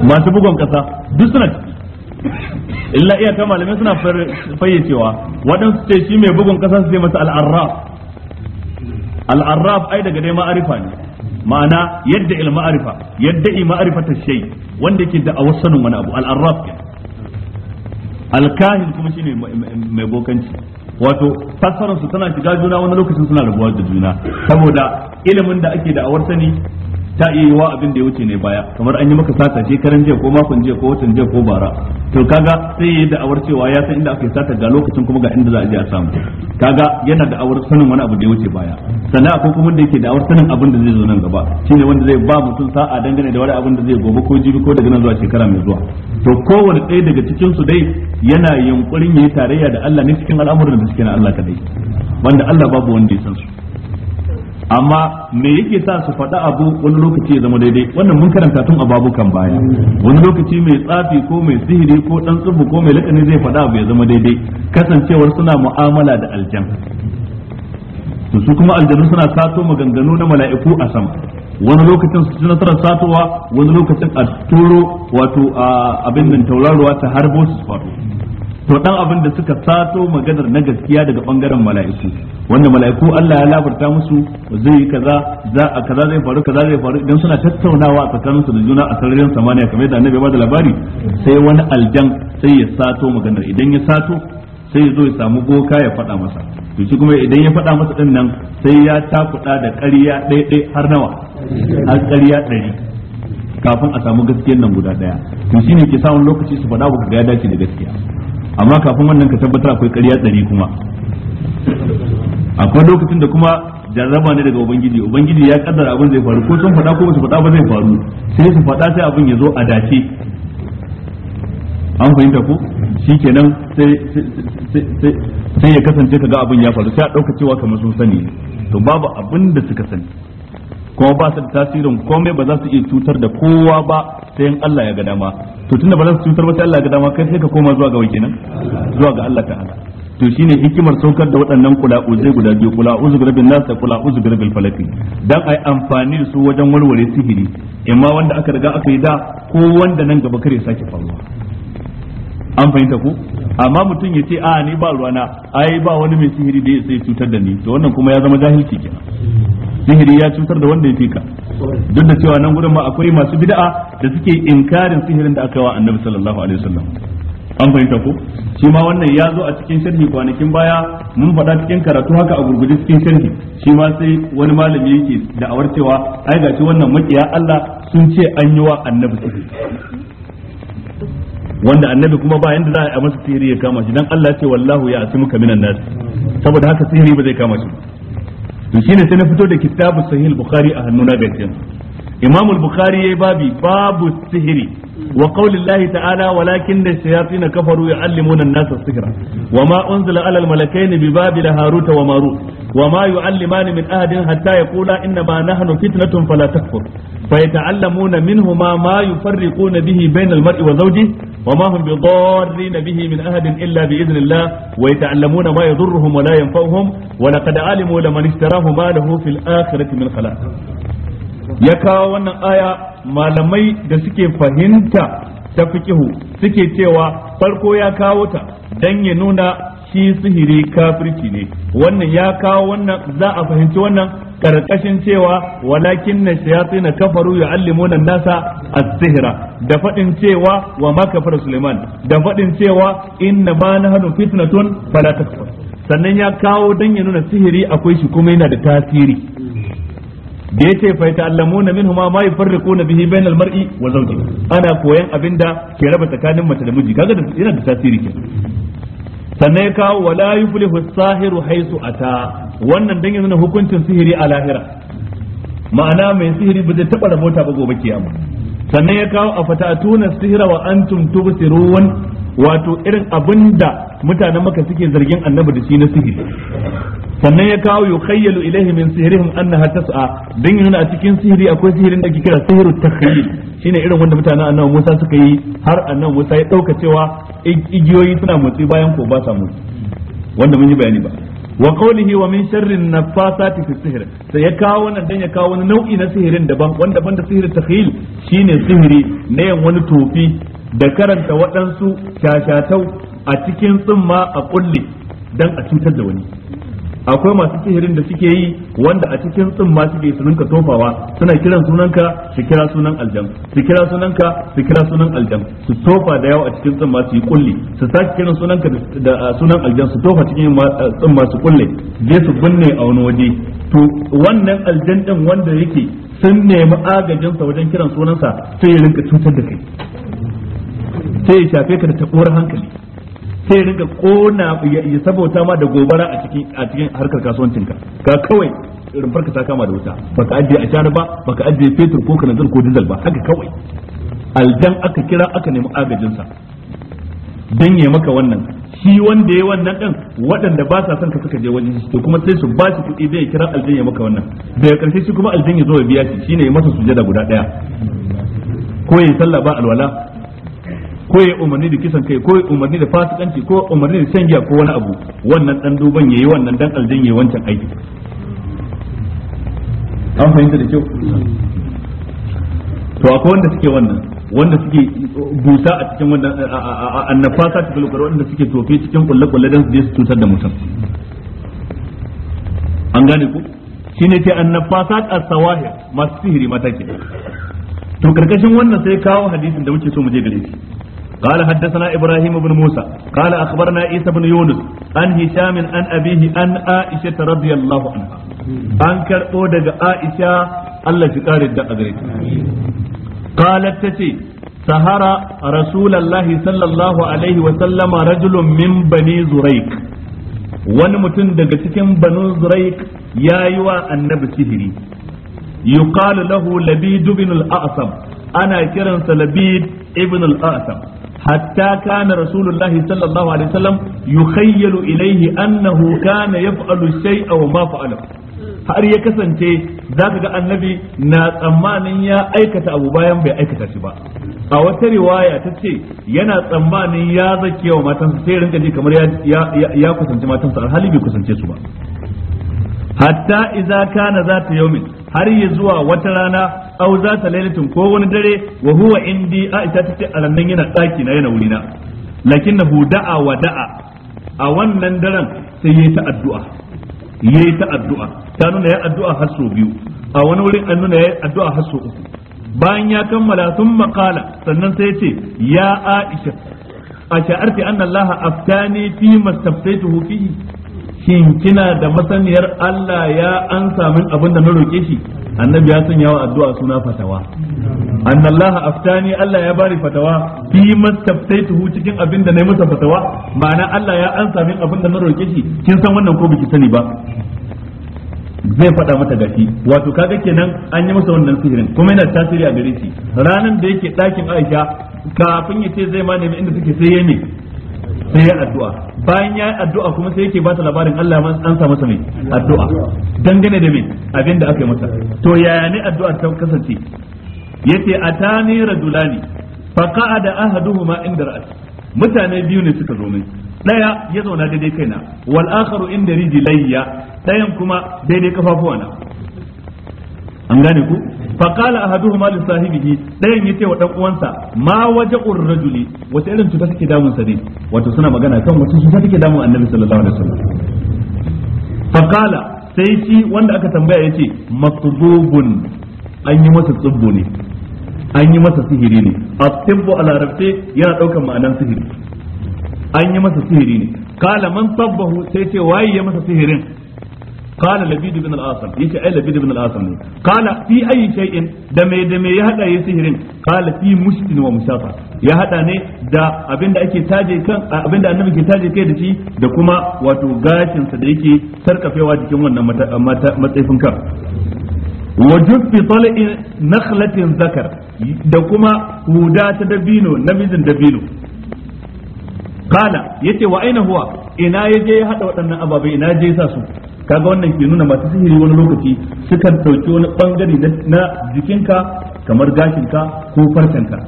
masu bugon kasa duk suna ciki illa iya ta malamai suna fayyacewa waɗansu ce shi mai bugun ƙasa su ce masa al'arraf al'arraf ai daga dai ma'arifa ne ma'ana yadda il ma'arifa yadda i ma'arifa ta shai wanda ke da sanin wani abu al'arraf ke alkahin kuma shine mai bokanci wato fassararsu tana shiga juna wani lokacin suna rabuwa da juna saboda ilimin da ake da awar ta iya yiwa abin da ya wuce ne baya kamar an yi maka sata shekaran jiya ko makon jiya ko watan jiya ko bara to kaga sai ya da'awar cewa ya san inda aka yi sata ga lokacin kuma ga inda za a je a samu kaga yana da'awar sanin wani abu da ya wuce baya sannan akwai kuma da yake da'awar sanin abin da zai zo nan gaba shine wanda zai ba mutum sa'a dangane da wani abin da zai gobe ko jibi ko daga nan zuwa shekara mai zuwa to kowane ɗaya daga cikin su dai yana yunkurin yayi tarayya da Allah ne cikin al'amuran da suke na Allah kadai wanda Allah babu wanda ya san su amma me yake sa su faɗi abu wani lokaci ya zama daidai wannan mun karanta tun ababu kan baya wani lokaci mai tsafi ko mai sihiri ko dan tsubu ko mai lakani zai faɗi abu ya zama daidai kasancewar suna mu'amala da aljan to su kuma aljanu suna sato maganganu na mala'iku a sama wani lokacin su ci nasarar satowa wani lokacin a turo wato abin nan tauraruwa ta harbo su faɗo to dan abin da suka sato maganar na gaskiya daga bangaren mala'iku wanda mala'iku Allah ya labarta musu zai yi kaza za a kaza zai faru kaza zai faru idan suna tattaunawa a tsakanin su da juna a sararin samaniya kamar yadda annabi ba da labari sai wani aljan sai ya sato maganar idan ya sato sai ya zo ya samu boka ya faɗa masa to shi kuma idan ya faɗa masa din nan sai ya takuɗa da ƙarya ɗaiɗai har nawa har ƙarya ɗari kafin a samu gaskiyar nan guda ɗaya to ne ke samun lokaci su faɗa ba ga ya dace da gaskiya amma kafin wannan ka tabbatar akwai ƙarya ɗari kuma akwai lokacin da kuma jarraba ne daga ubangiji ubangiji ya kaddara abin zai faru ko sun faɗa ko su faɗa ba zai faru sai su faɗa sai abin ya zo a dace an fahimta ko shi kenan sai ya kasance kaga abin ya faru sai a ɗauka cewa kamar sun sani to babu abin da suka sani kuma ba su da tasirin komai ba za su iya cutar da kowa ba sai Allah ya ga dama to tunda ba za su cutar ba sai Allah ya ga dama kai sai ka koma zuwa ga wake zuwa ga Allah ta'ala to shine hikimar saukar da waɗannan zai guda biyu kula'uzu garbin kula da kula'uzu garbin falaki dan ai amfani da su wajen warware sihiri imma wanda aka riga aka yi da ko wanda nan gaba kare sake faruwa an fahimta ku amma mutum ya ce a ni ba ruwana ai ba wani mai sihiri da ya sai cutar da ni to wannan kuma ya zama jahilci kenan sihiri ya cutar da wanda ya fika duk da cewa nan gurin ma akwai masu bid'a da suke inkarin sihirin da aka yi wa annabi sallallahu alaihi wasallam an fahimta ku? shi ma wannan ya zo a cikin sharhi kwanakin baya mun faɗa cikin karatu haka a gurguje cikin sharhi shi ma sai wani malami yake da'awar cewa ai gashi wannan makiya Allah sun ce an yi wa annabi sihiri wanda annabi kuma ba yanda za a masa sihiri ya kama shi dan Allah ce wallahu ya asimuka minan nas saboda haka sihiri ba zai kama shi to shine sai na fito da kitabu sahih bukhari a hannuna ga Imamul al-bukhari yayi babi babu sihiri wa qawli allah ta'ala walakin ash-shayatin kafaru ya an-nasa as-sihra wa ma unzila 'ala al-malakayn bi babil harut wa marut wa ma yu'allimani min ahadin hatta yaqula inna ma nahnu fitnatun fala takfur fa yata'allamuna minhuma ma yufarriquna bihi bayna al-mar'i wa zawjihi wa ma hum bidarrin bihi min ahadin illa bi idhnillah wa yata'allamuna ma yadhurruhum wa la yanfa'uhum wa laqad 'alimu liman ishtarahu ma lahu fil akhirati min khalaq ya kawo wannan aya malamai da suke fahimta ta fikihu suke cewa farko ya kawo ta dan ya nuna shi sihiri kafirci ne wannan ya kawo wannan za a fahimci wannan karkashin cewa walakin na shayatsi na kafaru ya allimuna nasa a sihira da faɗin cewa wa ma fara suleiman da faɗin cewa inna ba na hannun fitnatun fara takfur sannan ya kawo dan ya nuna sihiri akwai shi kuma yana da tasiri da yace fa ta'allamuna minhuma ma yufarriquna bihi bainal mar'i wa zawji ana koyan abinda ke raba tsakanin mace da miji kaga yana da tasiri kenan sannan ya kawo wala yuflihu sahiru haisu ata wannan dan yanzu hukuncin sihiri a lahira ma'ana mai sihiri ba zai taba rabota ba gobe kiyama sannan ya kawo a fata tuna sihira wa antum tubsirun wato irin abinda mutanen maka suke zargin annabi da shi na sihiri sannan ya kawo yukhayyalu ilaihi min sihrihim annaha tas'a dan yana a cikin sihiri akwai sihirin da ake kira sihiru takhayyul shine irin wanda mutanen annabi Musa suka yi har annabi Musa ya dauka cewa igiyoyi suna motsi bayan ko ba sa motsi wanda mun yi bayani ba wa qawlihi wa min sharri nafasati fi sihr sai ya kawo wannan dan ya kawo wani nau'i na sihirin daban wanda banda sihirin takhil shine sihiri na yan wani tofi da karanta waɗansu shashatau a cikin tsumma a ƙulle dan a cutar da wani akwai masu sihirin da suke yi wanda a cikin ma suke su rinka tofawa suna kiran sunanka su kira sunan aljan su kira sunanka su kira sunan aljan su tofa da yawa a cikin ma su yi kulli su sake kiran sunanka da sunan aljan su tofa cikin ma su kulle je su binne a wani waje to wannan aljan din wanda yake sun nemi agajinsa wajen kiran sunansa sai ya rinka cutar da kai sai ya shafe ka da taɓuwar hankali sai ringa kona ya sabota ma da gobara a cikin a cikin harkar kasuwancinka ka kawai rumfar ka ta kama da wuta baka ajiye a ba baka ajiye fetur ko kanazir ko dizal ba haka kawai aljan aka kira aka nemi agajinsa dan ya maka wannan shi wanda ya wannan din waɗanda ba sa son ka suka je wajen shi to kuma sai su ba shi kuɗi zai kira aljan ya maka wannan ya karshe shi kuma aljan ya zo ya biya shi shine ya masa sujada guda daya ko ya sallah ba alwala ko ya umarni da kisan kai ko ya umarni da fasikanci ko umarni da canjiya ko wani abu wannan dan duban yayi wannan dan aljan yayi wancan aiki an fahimta da kyau to akwai wanda suke wannan wanda suke busa a cikin wannan annafasa ta bulukar wanda suke tofe cikin kullu kullu dan su je su tutar da mutum an gane ku shine ce annafasat as-sawahir masu sihiri mata ke to karkashin wannan sai kawo hadisin da muke so mu je gare shi قال حدثنا ابراهيم بن موسى قال اخبرنا عيسى بن يونس عن هشام عن ابيه عن عائشه رضي الله عنها عن كربو دغ عائشه الله تقار الدقدر قالت تتي سهر رسول الله صلى الله عليه وسلم رجل من بني زريك wani mutum daga cikin banu zuraik ya yi wa annabi sihiri yuqalu lahu labid ibn al-a'sam ana kiransa labid ibn al-a'sam hatta kana rasulullahi sallallahu alaihi wasallam yukhayyalu ilayhi annahu kana yaf'alu shay'a wa ma fa'ala har ya kasance zaka ga annabi na tsammanin ya aikata abu bayan bai aikata shi ba a wata riwaya ta ce yana tsammanin ya zake wa matansa sai rinka ji kamar ya kusanci matansa alhali bai kusance su ba hatta idza kana zata yawmin har ya zuwa wata rana aw za ta lailatin ko wani dare wa huwa indi aisha ta tace alannan yana ɗaki na yana wurina lakinnahu da'a wa da'a a wannan daren sai yayi ta addu'a yayi ta addu'a ta nuna ya addu'a har sau biyu a wani wurin an nuna ya addu'a har sau uku bayan ya kammala sun makala sannan sai ya ce ya aisha a sha'arti anna allaha aftani fi mastaftaitu fihi shin kina da masaniyar Allah ya an samu abin da na roke shi annabi ya sanya wa addu'a suna fatawa annallaha aftani Allah ya bari fatawa fi tuhu cikin abin da na masa fatawa ma'ana Allah ya an samu abin da na roke shi kin san wannan ko biki sani ba zai faɗa mata gashi wato kaga kenan an yi masa wannan sihirin kuma yana tasiri a gare shi ranan da yake ɗakin Aisha kafin ya ce zai ma nemi inda suke sai ya ne sai ya addu'a bayan ya addu'a kuma sai yake ba ta labarin Allah ma an sa masa mai addu'a dangane da me abin da aka yi masa to yaya ne addu'a ta kasance yace atani rajulani qa'ada ahaduhuma inda ra'at mutane biyu ne suka zo mai daya ya zauna daidai kaina wal akharu inda rijlayya dayan kuma daidai kafafuwana an gane ku fa a ahaduhuma li sahibihi dayan yace wa dan uwansa ma waja'ur rajuli wata irin cuta take damun sa ne wato suna magana kan wata cuta take damun annabi sallallahu alaihi wasallam fa sai shi wanda aka tambaya yace maktubun an yi masa tsubbu ne an yi masa sihiri ne a tibbu a larabce yana daukan ma'anar sihiri an yi masa sihiri ne kala man tabbahu sai ce waye ya masa sihirin قال لبيد بن الأصم يتي أي لبيد بن الأصم قال في أي شيء دمي دمي يهدى يسهرين قال في مشت ومشافة يهدى ني دا أبين دا أكي تاجي كان أبين دا أنبي كي تاجي كي دشي دا كما واتو غاشن سديكي سرك في واجي كم وانا متعفن كان وجب طلع نخلة ذكر دا كما ودا تدبينو نميز دبينو قال يتي وأين هو ina ya je ya hada waɗannan ababai ina je sa su kaga wannan ke nuna masu sihiri wani lokaci sukan ɗauki wani bangare na jikinka kamar gashinka ko farkanka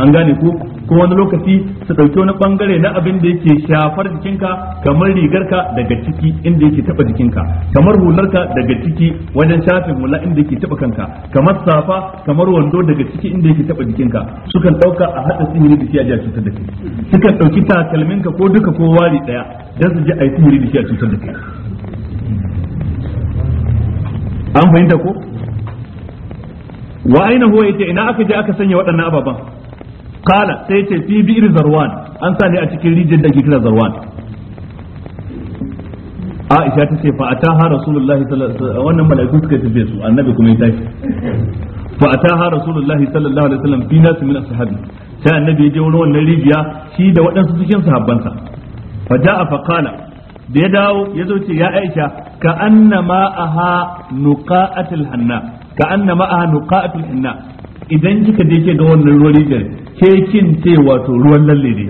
an gane ko ko wani lokaci su ɗauki wani bangare na abin da yake shafar jikinka kamar rigarka daga ciki inda yake taba jikinka kamar hularka daga ciki wajen shafin hula inda yake taba kanka kamar safa kamar wando daga ciki inda yake taba jikinka sukan ɗauka a haɗa sihiri da shi a cutar da kai sukan ɗauki takalminka ko duka ko wari ɗaya don su ji a yi sihiri da shi a cutar da kai an fahimta ko wa aina huwa yace ina aka je aka sanya waɗannan ababan kala sai yace fi bi'r zarwan an sa ne a cikin rijin da ke kira zarwan Aisha ta ce fa ataha rasulullahi sallallahu alaihi wannan mala'iku suka tafi su annabi kuma ya fa ataha rasulullahi sallallahu alaihi wasallam fi nas min ashabi sai annabi ya je wurin wannan rijiya shi da waɗansu cikin sahabbansa fa ja'a fa da ya dawo ya zo ce ya aisha ka anna ma'aha nuqa'atul hanna ka anna ma'aha nuqa'atul hanna idan kika je ke ga wannan ruwan rijiyar ke kin ce wato ruwan lalle ne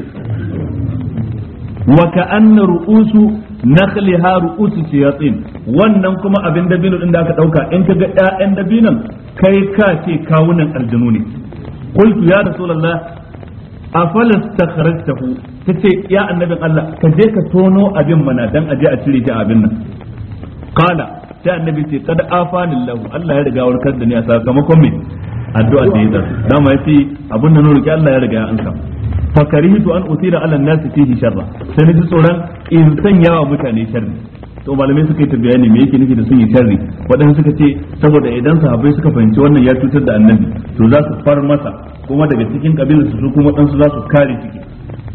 wa ka anna ru'usu nakhliha ru'usu shayatin wannan kuma abin dabino din da aka dauka in ka kaga ƴaƴan dabinon kai ka ce kawunan aljanu ne qultu ya rasulullah a ta tace ya annabin Allah ka je ka tono abin mana dan aje a cire ta abin nan kala sai annabi ce kada afani lahu Allah ya riga warkar da ni a sakamakon me addu'a da yi dama yace abin da na roki Allah ya riga ya ansa fa karihtu an usira ala an-nas fihi sharra sai ni tsoron in sanya wa mutane sharri to malamai suka yi ne me yake nufi da sun yi sharri waɗanda suka ce saboda idan sahabbai suka fahimci wannan ya cutar da annabi to za su far masa kuma daga cikin kabilar su kuma ɗansu za su kare ciki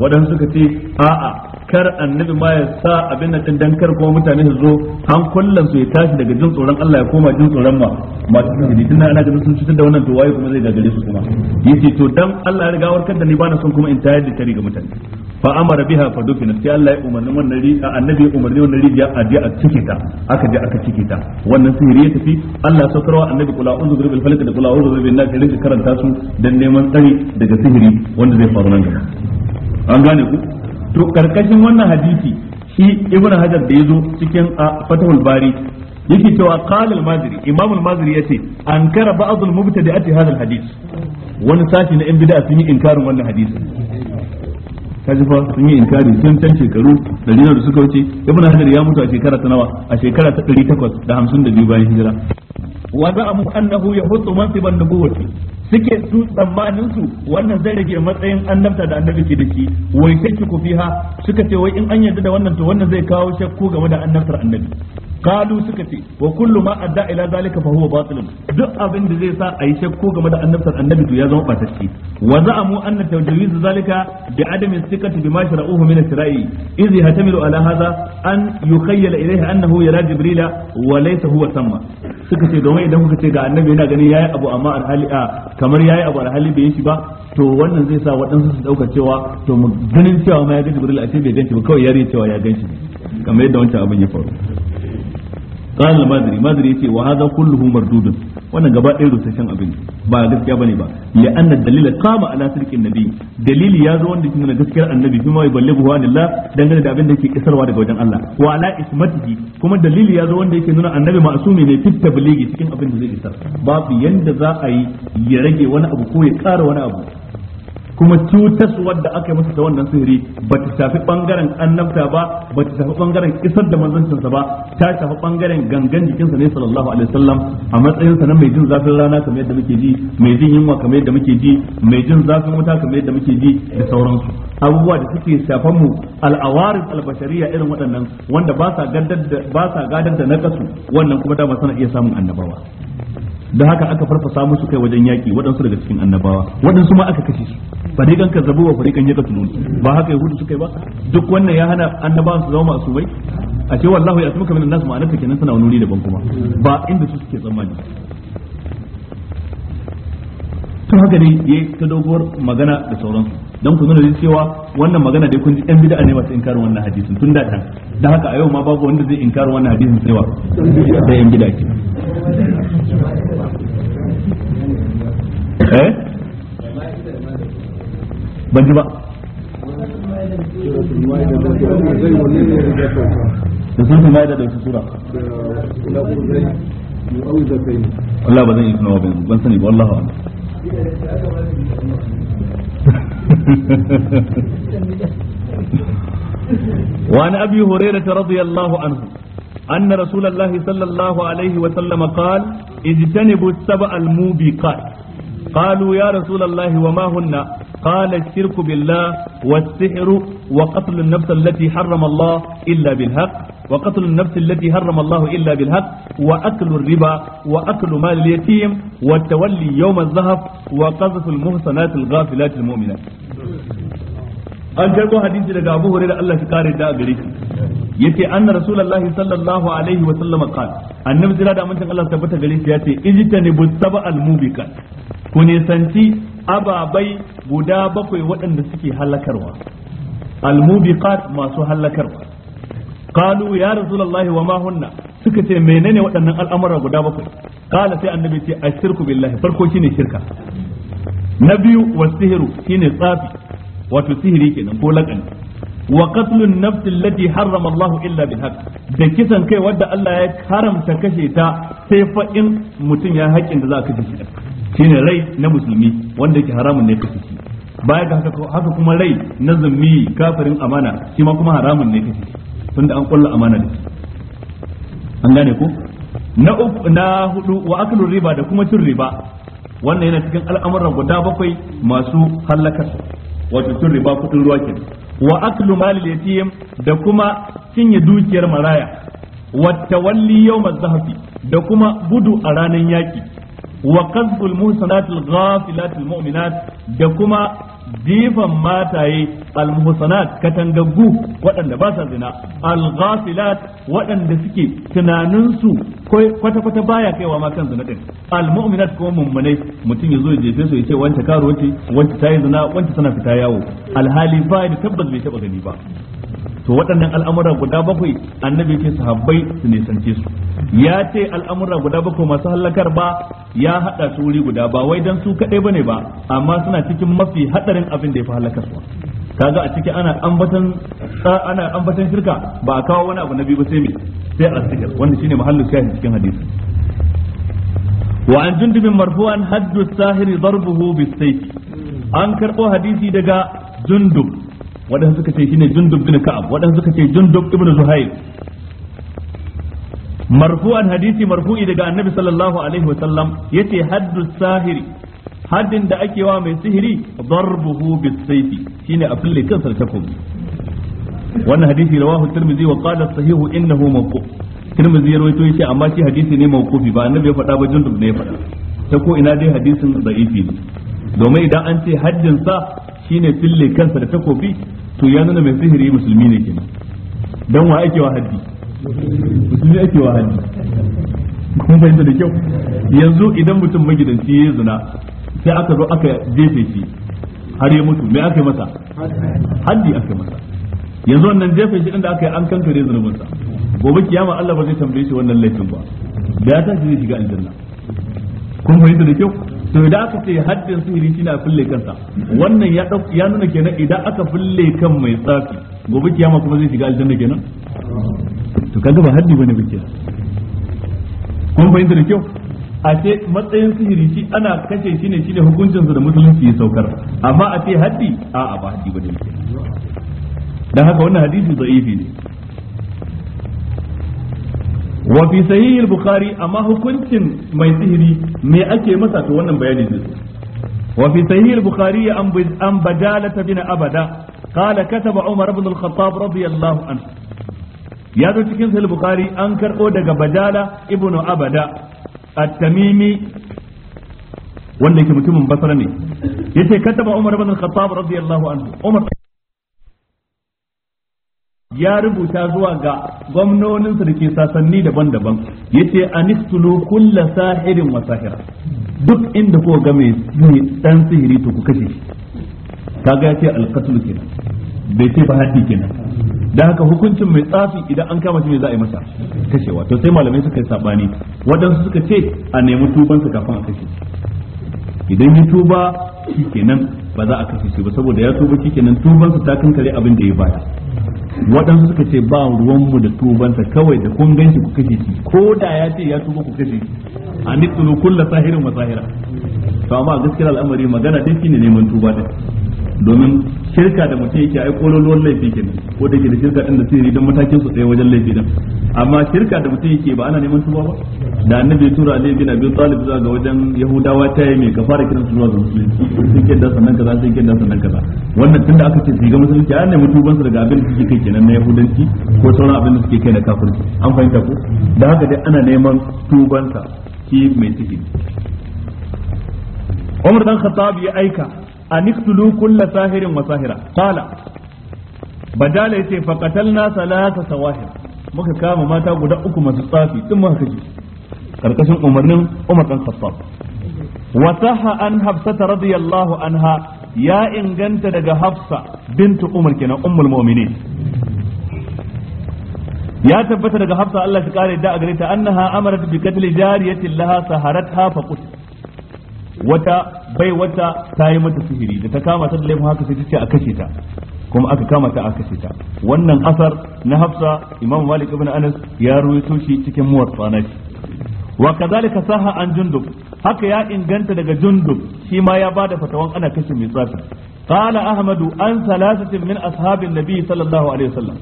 waɗanda suka ce a'a kar annabi ma ya sa abin da din dan kar kuma mutane su zo kullum su ya tashi daga jin tsoron Allah ya koma jin tsoron ma masu ne tun ana ganin sun cutar da wannan to waye kuma zai gagare su kuma yace to dan Allah ya riga warkar da ni bana son kuma in tayar da tari ga mutane fa amara biha fa dufina sai Allah ya umarni wannan rijiya annabi umarni wannan rijiya a je a cike ta aka je aka cike ta wannan sihiri ya tafi Allah saukarwa annabi kula unzu bil falak da kula unzu bin nas rinka karanta su dan neman tsari daga sihiri wanda zai faru nan gaba an gane ku to karkashin wannan hadisi shi ibnu hajar da yazo cikin fatahul bari yake cewa qala al-maziri imam al-maziri yace ankara ba'd al-mubtadi'ati hadha al-hadith wani sashi na yan bid'a sun yi inkarin wannan hadisin kaji fa sun yi inkari sun can shekaru dari da suka wuce ibnu hajar ya mutu a shekara ta nawa a shekara ta 852 bayan hijira wa za'amu annahu yahuttu mansiban nubuwwati suke su tsammanin su wannan zai rage matsayin annabta da annabi ke da shi wai take ku fiha suka ce wai in an yarda da wannan to wannan zai kawo shakku game da annabtar annabi kalu suka ce wa kullu ma adda ila zalika fa huwa batilun duk abin da zai sa a yi shakku game da annabtar annabi to ya zama batacci wa za'amu anna tajwiz zalika bi adami thiqati bima shara'uhu min sirai idh yahtamilu ala hadha an yukhayyal ilayhi annahu yara jibrila wa laysa huwa samma suka ce domin idan kuka ce ga annabi yana ganin yayi abu amma alhali a kamar yayi abu alhali bai yi shi ba to wannan zai sa waɗansu su dauka cewa to mu ganin cewa ma ya ga jibril a ce bai ganci ba kawai yare cewa ya ganci kamar yadda wancan abin ya faru qala al-madri madri yace wa hadha kulluhu mardudun wannan gaba ɗaya rusasshen abin ba gaskiya bane ba li anna dalila qama ala sirqin nabi dalili ya zo wanda kin gaskiyar annabi kuma ya ballighu anillah dangane da abin da yake kisarwa daga wajen Allah wa ala ismatihi kuma dalili ya zo wanda yake nuna annabi ma'sumi ne fit tabligi cikin abin da zai isar babu yanda za a yi ya rage wani abu ko ya ƙara wani abu kuma cutaswar wadda aka yi masa ta wannan sihiri ba ta shafi bangaren annabta ba ba ta shafi bangaren isar da manzancinsa ba ta shafi bangaren gangan jikinsa ne sallallahu alaihi wasallam a matsayinsa na mai jin zafin rana kamar yadda muke ji mai jin yunwa kamar yadda muke ji mai jin zafin wuta kamar yadda muke ji da sauransu abubuwa da suke shafan mu al'awarin albashariya irin waɗannan wanda ba sa gadar da nakasu wannan kuma dama sana iya samun annabawa da haka aka farfasa musu kai wajen yaki waɗansu daga cikin annabawa waɗansu ma aka kashe su ka zabu wa ya yaqtulun ba haka yahudu suka yi ba duk wannan ya hana annabawan su zama masu bai a ce wallahu ya asmuka minan nas ma'anarka kenan suna wani daban kuma ba inda su suke tsammani to haka ne yayi ta dogowar magana da sauransu don ku nuna da cewa wannan magana dai kun ji yan bid'a ne masu inkarin wannan hadisin tun da kan dan haka a yau ma babu wanda zai inkari wannan hadisin sai wa sai yan bid'a ke eh ban ji ba da sun ma da wasu sura Allah ba zan yi tunawa ban sani ba Allah a'lam وعن أبي هريرة رضي الله عنه أن رسول الله صلى الله عليه وسلم قال اجتنبوا السبع الموبقات قالوا يا رسول الله وما هن قال الشرك بالله والسحر وقتل النفس التي حرم الله إلا بالحق وقتل النفس التي حرم الله إلا بالحق وأكل الربا وأكل مال اليتيم والتولي يوم الذهب وقذف المحصنات الغافلات المؤمنات an karbo hadisi daga Abu Hurairah Allah ya da gare shi yace anna rasulullahi sallallahu alaihi wa sallam qal annabi jira da amincin Allah tabbata gare shi yace ijtanibu sab'al mubikat ku nisanci ababai guda bakwai waɗanda suke halakarwa almubiqat masu halakarwa qalu ya rasulullahi wa ma hunna suka ce menene waɗannan al'amura guda bakwai qala sai annabi ce ashirku billahi farko shine shirka na biyu wasihiru shine tsafi wato sihiri kenan ko laƙani wa qatlun nafs allati harrama Allah illa bil haqq da kisan kai wanda Allah ya haramta kashe ta sai fa in mutum ya haƙin da za ka kashe shine rai na musulmi wanda yake haramun ne kashe shi baya ga haka kuma rai na zummi kafirin amana shi ma kuma haramun ne kashe shi tunda an kulla amana da an gane ko na uku na hudu wa aklu riba da kuma cin riba wannan yana cikin al'amuran guda bakwai masu halakar wato cin riba kudin ruwa ke wa aklu malil yatim da kuma cinye dukiyar maraya wa tawalli yawm az da kuma gudu a ranar yaki wa qadhful muhsanat al mu'minat da kuma jifan mataye almuhsanat katangaggu waɗanda ba sa zina al waɗanda suke tunanin su kwata kwata baya kaiwa ma kan zina din almuminat mu'minat kuma mummunai mutum ya zo ya jefe su ya ce wance karo wace wance tayi zina wance tana fita yawo alhali ba da tabbas bai taba gani ba to waɗannan al'amura guda bakwai annabi ce sahabbai su nisance su ya ce al'amura guda bakwai masu hallakar ba ya haɗa su wuri guda ba wai dan su kaɗai bane ba amma suna cikin mafi haɗarin abin da ya fi hallakar su kaga a ciki ana ambatan ana shirka ba a kawo wani abu na biyu ba sai me sai asigar wanda shine mahallin shahi cikin hadisi wa an jundubin marfu'an haddu sahiri darbuhu bisayf an karɓo hadisi daga jundub waɗansu suka ce shine jundub bin ka'ab waɗansu suka ce jundub ibn zuhair marfu'an hadisi marfu'i daga annabi sallallahu alaihi wa sallam yace haddu sahiri haddin da ake wa mai sihiri darbuhu bis sayfi shine a fille kansa da takobi wannan hadisi rawahu tirmidhi wa qala sahihu innahu mawquf tirmidhi ya rawaito yace amma shi hadisi ne mawqufi ba annabi ya faɗa ba jundub ne ya faɗa ta ko ina dai hadisin da'ifi ne domin idan an ce haddin sa shine fille kansa da takobi to ya nuna mai sihiri musulmi ne kenan dan wa ake wa haddi musulmi ake wa haddi kun fahimta da kyau yanzu idan mutum magidanci ya zina sai aka zo aka jefe shi har ya mutu me aka yi masa haddi aka yi masa yanzu wannan jefe shi inda aka yi an kankare zunubinsa gobe kiyama Allah ba zai tambaye shi wannan laifin ba da ya tashi zai shiga aljanna kun fahimta da kyau to idan aka ce haddin sihiri shine a fulle kansa wannan ya ya nuna kenan idan aka fulle kan mai tsafi gobe kiyama kuma zai shiga aljanna kenan to kaga ba haddi bane bikin kun fahimta da kyau a ce matsayin sihiri shi ana kashe shi ne shine hukuncin da musulunci ya saukar amma a ce haddi a a ba haddi bane dan haka wannan hadisi da'ifi ne Wafi fi sahih al-bukhari amma hukuncin mai sihiri me ake masa to wannan bayani ne? Wafi fi sahih al-bukhari an badalata bin abada qala kataba umar ibn al-khattab radiyallahu anhu ya zo cikin sahih al-bukhari an karɓo daga badala ibn abada at-tamimi wanda yake mutumin basra ne yace kataba umar ibn al-khattab radiyallahu anhu umar ya rubuta zuwa ga gwamnoninsa da ke sasanni daban-daban yace anistulu kulla sahirin wa sahira duk inda ko ga mai dan sihiri to ku kashe shi kaga yace alqatlu kenan bai ce ba haɗi kenan da haka hukuncin mai tsafi idan an kama shi ne za a yi masa kashewa to sai malamai suka yi sabani waɗansu suka ce a nemi tubansa kafin a kashe idan ya tuba shi kenan ba za a kashe shi ba saboda ya tuba shi kenan tubansa ta kankare abin da ya baya waɗansu suka ce ba ruwanmu da tubanta kawai da kun ganci ku kashe shi ko da ya ce ya tuba ku kashe shi a nitsuru kulla sahirin wa sahira to amma gaskiya al'amari magana dai shine neman tuba da domin shirka da mutum yake ai kololuwar laifi nan ko da ke da shirka din da sirri don matakin su tsaye wajen laifi din amma shirka da mutum yake ba ana neman tuba ba da annabi tura ne bin abi talib zuwa ga wajen yahudawa ta yi mai ka fara kiran su zuwa ga musulunci sun ke da sannan kaza sun ke da sannan kaza wannan da aka ce su ga musulunci an nemi tuban su daga abin da suke kai kenan na yahudanci ko sauran abin da suke kai na kafirci an fahimta ko da haka dai ana neman tubansa shi mai ciki. Umar dan Khattab ya aika an iktulu kulla sahirin wa sahira qala badala yace fa qatalna salasa sawahir muka kama mata guda uku masu tsafi din muka kaji karkashin umarnin Umar dan Khattab wa sahha an hafsata radiyallahu anha ya inganta daga Hafsa bintu Umar kenan ummul mu'minin ya tabbata daga Hafsa Allah ya kare da a gare ta annaha amarat bi qatl jariyatin laha saharatha fa qutila wata bai wata ta yi mata sihiri da ta kama ta da laifin haka sai ta ce a kashe ta kuma aka kama ta a kashe ta wannan asar na hafsa imam malik ibn anas ya ruwaito shi cikin muwar na wa kazalika saha an jundub haka ya inganta daga jundub shi ma ya bada fatawan ana kashe mai tsafi قال Ahmadu an ثلاثة min أصحاب النبي sallallahu alaihi عليه وسلم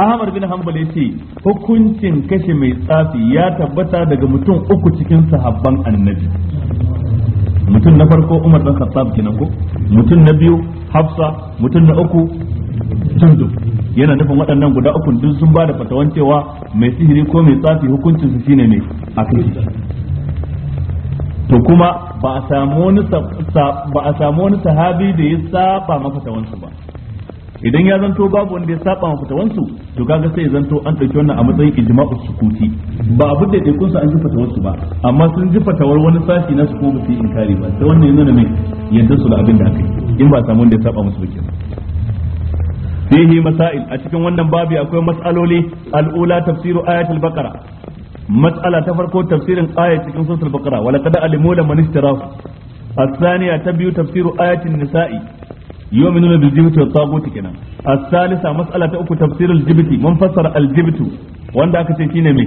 أحمد بن حنبل hukuncin kashe mai tsafi ya tabbata daga mutum uku cikin sahabban annabi mutum na farko Umar dan Khattab kenan ko mutum na biyu Hafsa mutum na uku Jundub yana nufin waɗannan guda uku duk sun ba da fatawan cewa mai sihiri ko mai tsafi hukuncin su shine ne a to kuma ba a samu wani sahabi da ya saba mafatawansu ba idan ya zanto babu wanda ya saba wa fatawansu to kaga sai ya zanto an ɗauki wannan a matsayin ijma'u sukuti ba abin da dai su an ji fatawarsu ba amma sun ji fatawar wani sashi na su ko ba su yi inkari ba sai wannan yana mai yadda su da abin da aka yi in ba samu wanda ya saba musu ba fihi masail a cikin wannan babi akwai matsaloli al'ula tafsiru ayatul baqara matsala ta farko tafsirin ayat cikin suratul baqara wa laqad alimu lamaniftara الثانية تبيو تفسير آية nisa'i. yu'minuna bil jibti wa taguti kenan as-salisa mas'ala ta uku tafsir al mun fassara al wanda aka ce shine me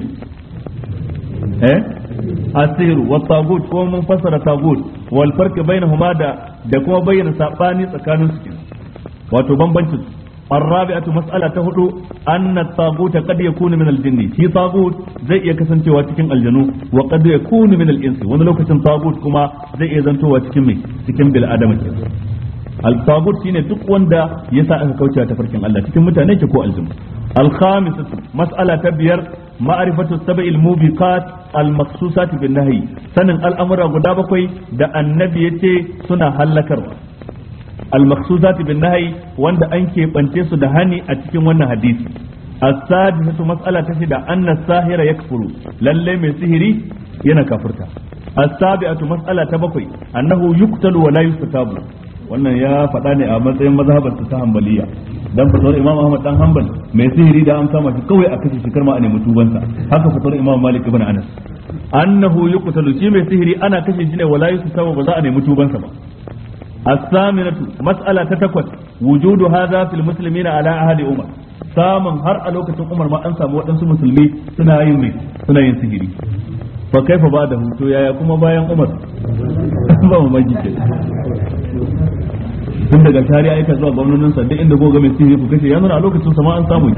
eh asiru wa tagut ko mun fassara tagut wal farq bainahuma da da kuma bayyana sabani tsakanin su wato bambancin الرابعة مسألة تهدو أن الطاغوت قد يكون من الجن في طاغوت زي يكسن تواتكين الجنو وقد يكون من الإنس وانا لو كسن طاغوت كما زي يزن تواتكين من سكين بالآدم al-tagut shine duk wanda yasa aka kaucewa ta Allah cikin mutane ke ko aljum al-khamis mas'ala ta biyar ma'rifatu sab'il mubiqat al-maqsusat bin nahyi sanin al'amura guda bakwai da annabi yace suna hallakarwa al-maqsusat bin nahyi wanda an ke su da hani a cikin wannan hadisi السادسة مسألة تشهد أن الساهر يكفر للي من سهري ينا mas'ala ta bakwai annahu أنه يقتل ولا يستتاب wannan ya faɗa ne a matsayin mazhabar ta hanbaliya dan fitar imam ahmad dan hanbal mai sihiri da amsa mashi kawai a kashe shi karma a nemi tubansa haka fitar imam malik ibn anas annahu yuqtalu shi mai sihiri ana kashe shi ne wala yusawa ba za a nemi tubansa ba Saminatu mas'ala ta takwas wujudu hadha fil muslimina ala ahli Umar, samun har a lokacin umar ma an samu waɗansu musulmi suna yin mai suna yin sihiri fa kaifa ba da hutu yaya kuma bayan umar ba mu maji tun daga tariya ya zuwa gwamnonin sa duk inda goga mai sihiri ku kashe ya nuna a lokacin sama an samu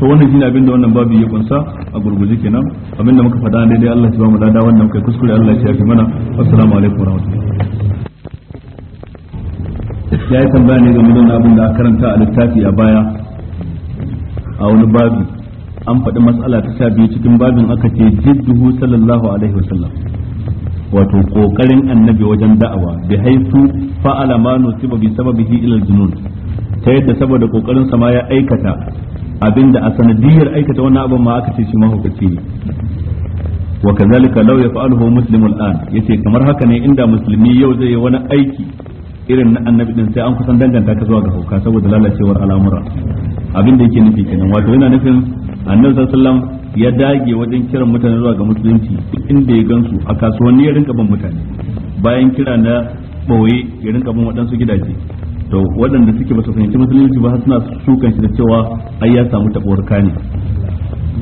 to wannan shine abin da wannan babu ya kunsa a gurguje kenan abin da muka faɗa daidai Allah ya ba mu dada wannan kai kuskure Allah ya yafi mana assalamu alaikum warahmatullahi ya yi tambaya ne game da abin da karanta a littafi a baya a wani babu an faɗi matsala ta sha biyu cikin babin aka ce hu sallallahu alaihi wasallam wato kokarin annabi wajen da'awa bi haisu fa'ala ma nusiba bi sababihi ila junun ta yadda saboda kokarin sa ma ya aikata abinda a sanadiyar aikata wannan abin ma aka ce shi mahaukaci ne wa kazalika law yaf'aluhu muslimun an yace kamar haka ne inda musulmi yau zai yi wani aiki irin na annabi din sai an kusan danganta ta zuwa ga hauka saboda lalacewar al'amura abin da yake nufi kenan wato yana nufin annabi sallallahu ya dage wajen kiran mutane zuwa ga musulunci inda ya gansu a kasuwanni ya rinka ban mutane bayan kira na boye ya rinka ban waɗansu gidaje to waɗanda suke ba su fahimci musulunci ba suna shukan shi da cewa ai ya samu tabuwar kane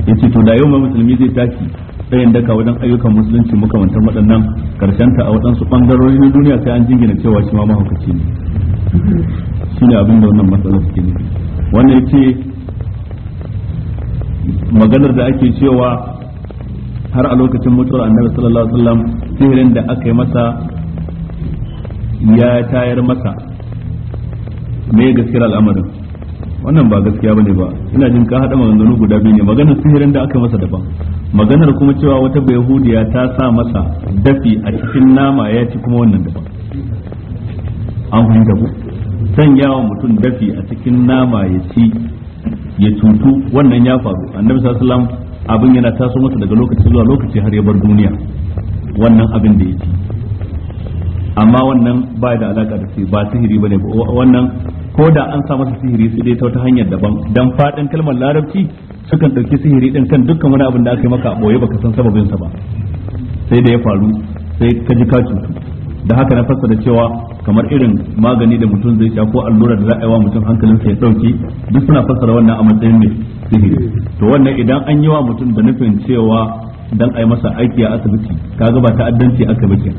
yace to da yau ma musulmi zai tashi tsayin daka wajen ayyukan musulunci makamantan waɗannan karshen ta a waɗansu ɓangarori na duniya sai an jingina cewa shi ma mahaukaci ne shi ne abin da wannan matsalar suke ne wannan ya ce maganar da ake cewa har a lokacin mutuwar annabi sallallahu alaihi wasallam sihirin da aka yi masa ya tayar masa me gaskiyar al'amarin wannan ba gaskiya bane ba ina jin ka hada maganganu guda biyu ne maganar sihirin da aka masa daban maganar kuma cewa wata yahudiya ta sa masa dafi a cikin nama ya ci kuma wannan dafa an fahimta San sanyawa mutum dafi a cikin nama ya ci ya cutu wannan ya faru annabi sallallahu alaihi abin yana taso masa daga lokaci zuwa lokaci har ya bar duniya wannan abin da ya ci amma wannan ba da alaka da sai ba sihiri bane wannan ko da an sa masa sihiri su dai ta wata hanyar daban dan fadin kalmar larabci sukan dauki sihiri din kan dukkan wani abin da aka yi maka boye baka san sababin sa ba sai da ya faru sai ka ji ka cutu da haka na fassara cewa kamar irin magani da mutum zai sha ko allura da za a yi wa mutum hankalinsa ya sauki duk suna fassara wannan a matsayin mai sihiri to wannan idan an yi wa mutum da nufin cewa dan a yi masa aiki a asibiti kaga ba ta'addanci aka bake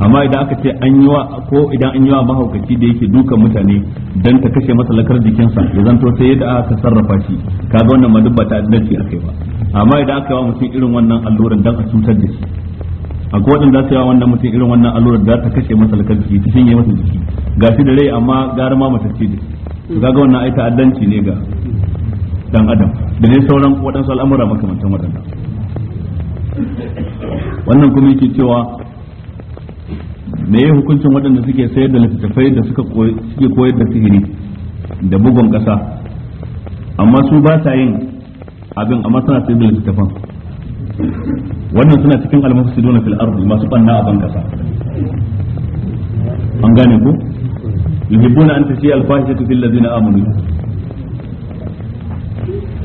amma idan aka ce an yi wa ko idan an yi wa mahaukaci da yake dukan mutane dan ta kashe masa lakar jikinsa ya zanto sai yadda aka sarrafa shi kaga wannan ma duk ba ta'addanci aka yi ba amma idan aka yi wa mutum irin wannan alluran dan a cutar da shi akwai waɗanda za su yawa wannan mutum irin wannan allurar da ta kashe masa lakar jiki ta shanye masa jiki ga shi da rai amma gara ma matacce da to kaga wannan ai ta'addanci ne ga dan adam da ne sauran waɗansu al'amura makamantan waɗannan wannan kuma yake cewa me hukuncin waɗanda suke sayar da littattafai da suka suke koyar da sihiri da bugun ƙasa amma su ba sa yin abin amma suna sayar da littattafan wannan suna cikin almufsidun fil ardi masu banna a ƙasa an gane ku yuhibbuna an tashi alfahishatu fil ladina amanu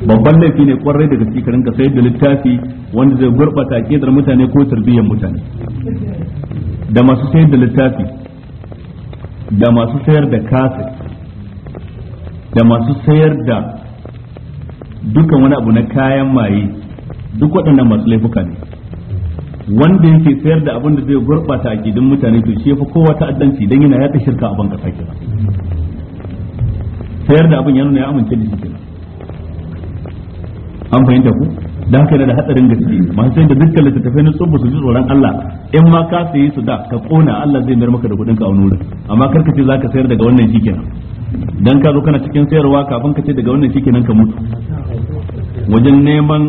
babban laifi ne kwarai da gaske ka sayar da littafi wanda zai gurbata akidar mutane ko tarbiyyar mutane da masu sayar da littafi da masu sayar da kaset da masu sayar da dukan wani abu na kayan maye duk waɗannan masu laifuka ne wanda yake sayar da abin da zai gurbata akidin mutane to shi fa kowa ta'addanci dan yana yaɗa shirka a banka sake sayar da abin ya nuna ya amince da shi kenan an fahimta ku da haka yana da hatsarin gaske masu sai da dukkan littattafai na tsubu su ji tsoron Allah in ma ka sayi su da ka kona Allah zai mayar maka da kuɗin ka a wurin amma karka ce zaka sayar daga wannan shikenan dan ka zo kana cikin sayarwa kafin ka ce daga wannan shikenan ka mutu wajen neman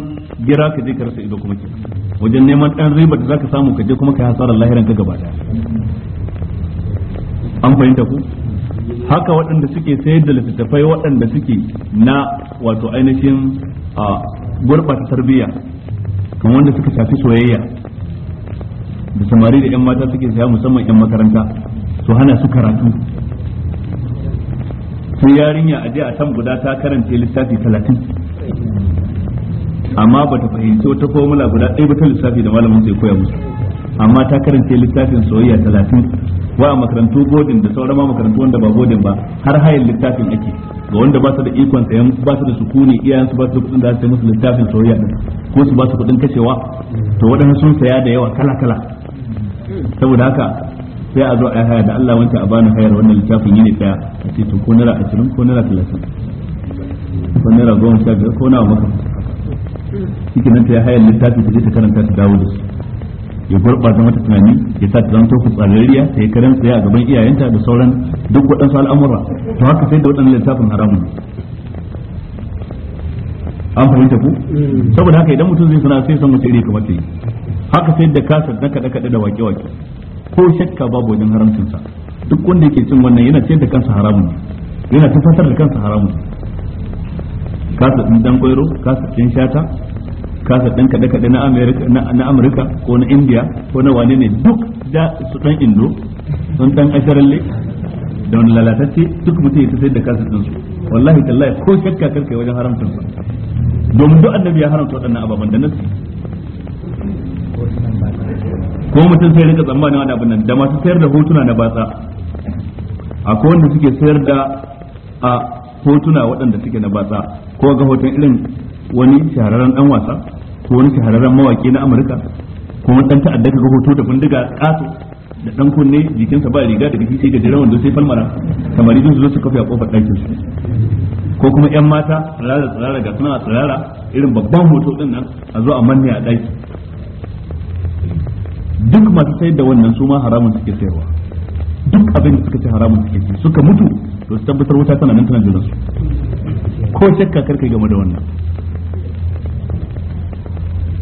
gira ka je ka rasa ido kuma kenan wajen neman dan riba da zaka samu ka je kuma ka hasarar lahiran ka gaba daya an fahimta ku haka waɗanda suke sayar da littattafai waɗanda suke na wato ainihin ah, gurbata tarbiyya kan wanda suka shafi soyayya da samari da 'yan mata suke saya musamman 'yan makaranta su hana su karatu Sun yarinya a a can guda ta karanta lissafi talatin amma ba ta fahimci wata formula guda ɗaya ba ta lissafi da malamin zai koya musu amma ta karanta littafin soyayya talatin wa makarantu godin da sauran makarantu wanda ba godin ba har hayan littafin ake ga wanda ba su da ikon sayan ba su da sukuni iyayen su ba su da kudin da za su musu littafin soyayya din ko su ba su kudin kashewa to waɗannan sun saya da yawa kala kala saboda haka sai a zo a haya da Allah wancan a bani hayar wannan littafin yini daya a ce to ko naira 20 ko naira 30 ko naira 15 ko nawa maka shi nan ta hayar littafin da ta karanta ta dawo da su ya gurɓata mata tunani ya sa ta zanto fitsararriya ta yi karen tsaye a gaban iyayenta da sauran duk waɗansu al'amura to haka sai da waɗannan littafin haramun an fahimta ku saboda haka idan mutum zai suna sai san wace iri kamar ta yi haka sai da kasa na kaɗe kaɗe da wake wake ko shakka babu wajen haramcinsa duk wanda yake cin wannan yana ciyar da kansa haramun yana tafasar da kansa haramun Kasa ɗin dan kwairo ɗin shata kasa ɗan kaɗe kaɗe na amurka ko na India ko na wane ne duk da su ɗan indo sun ɗan asharalle da wani lalatacce duk mutum ya sayar da kasa ɗinsu wallahi tallahi ko shakka karkai wajen haramta. sa domin duk annabi ya haramta waɗannan ababen da nasu ko mutum sai rika tsammanin wani abin nan da masu sayar da hotuna na batsa akwai wanda suke sayar da a hotuna waɗanda suke na batsa ko ga hoton irin wani shahararren dan wasa ko wani shahararren mawaki na amurka ko wani dan ta'adda ka hoto da bindiga kato da dan kunne jikinsa ba riga da kike da jiran wanda sai falmara kamar idan su zo su kafa a kofar ɗakin su ko kuma yan mata tsirara tsirara ga suna tsirara irin babban hoto din nan a zo a manne a ɗaki duk masu sayar da wannan su ma haramun suke sayarwa duk abin da suka ci haramun suke ci suka mutu to su tabbatar wuta tana nan tana su, ko shakka karkai game da wannan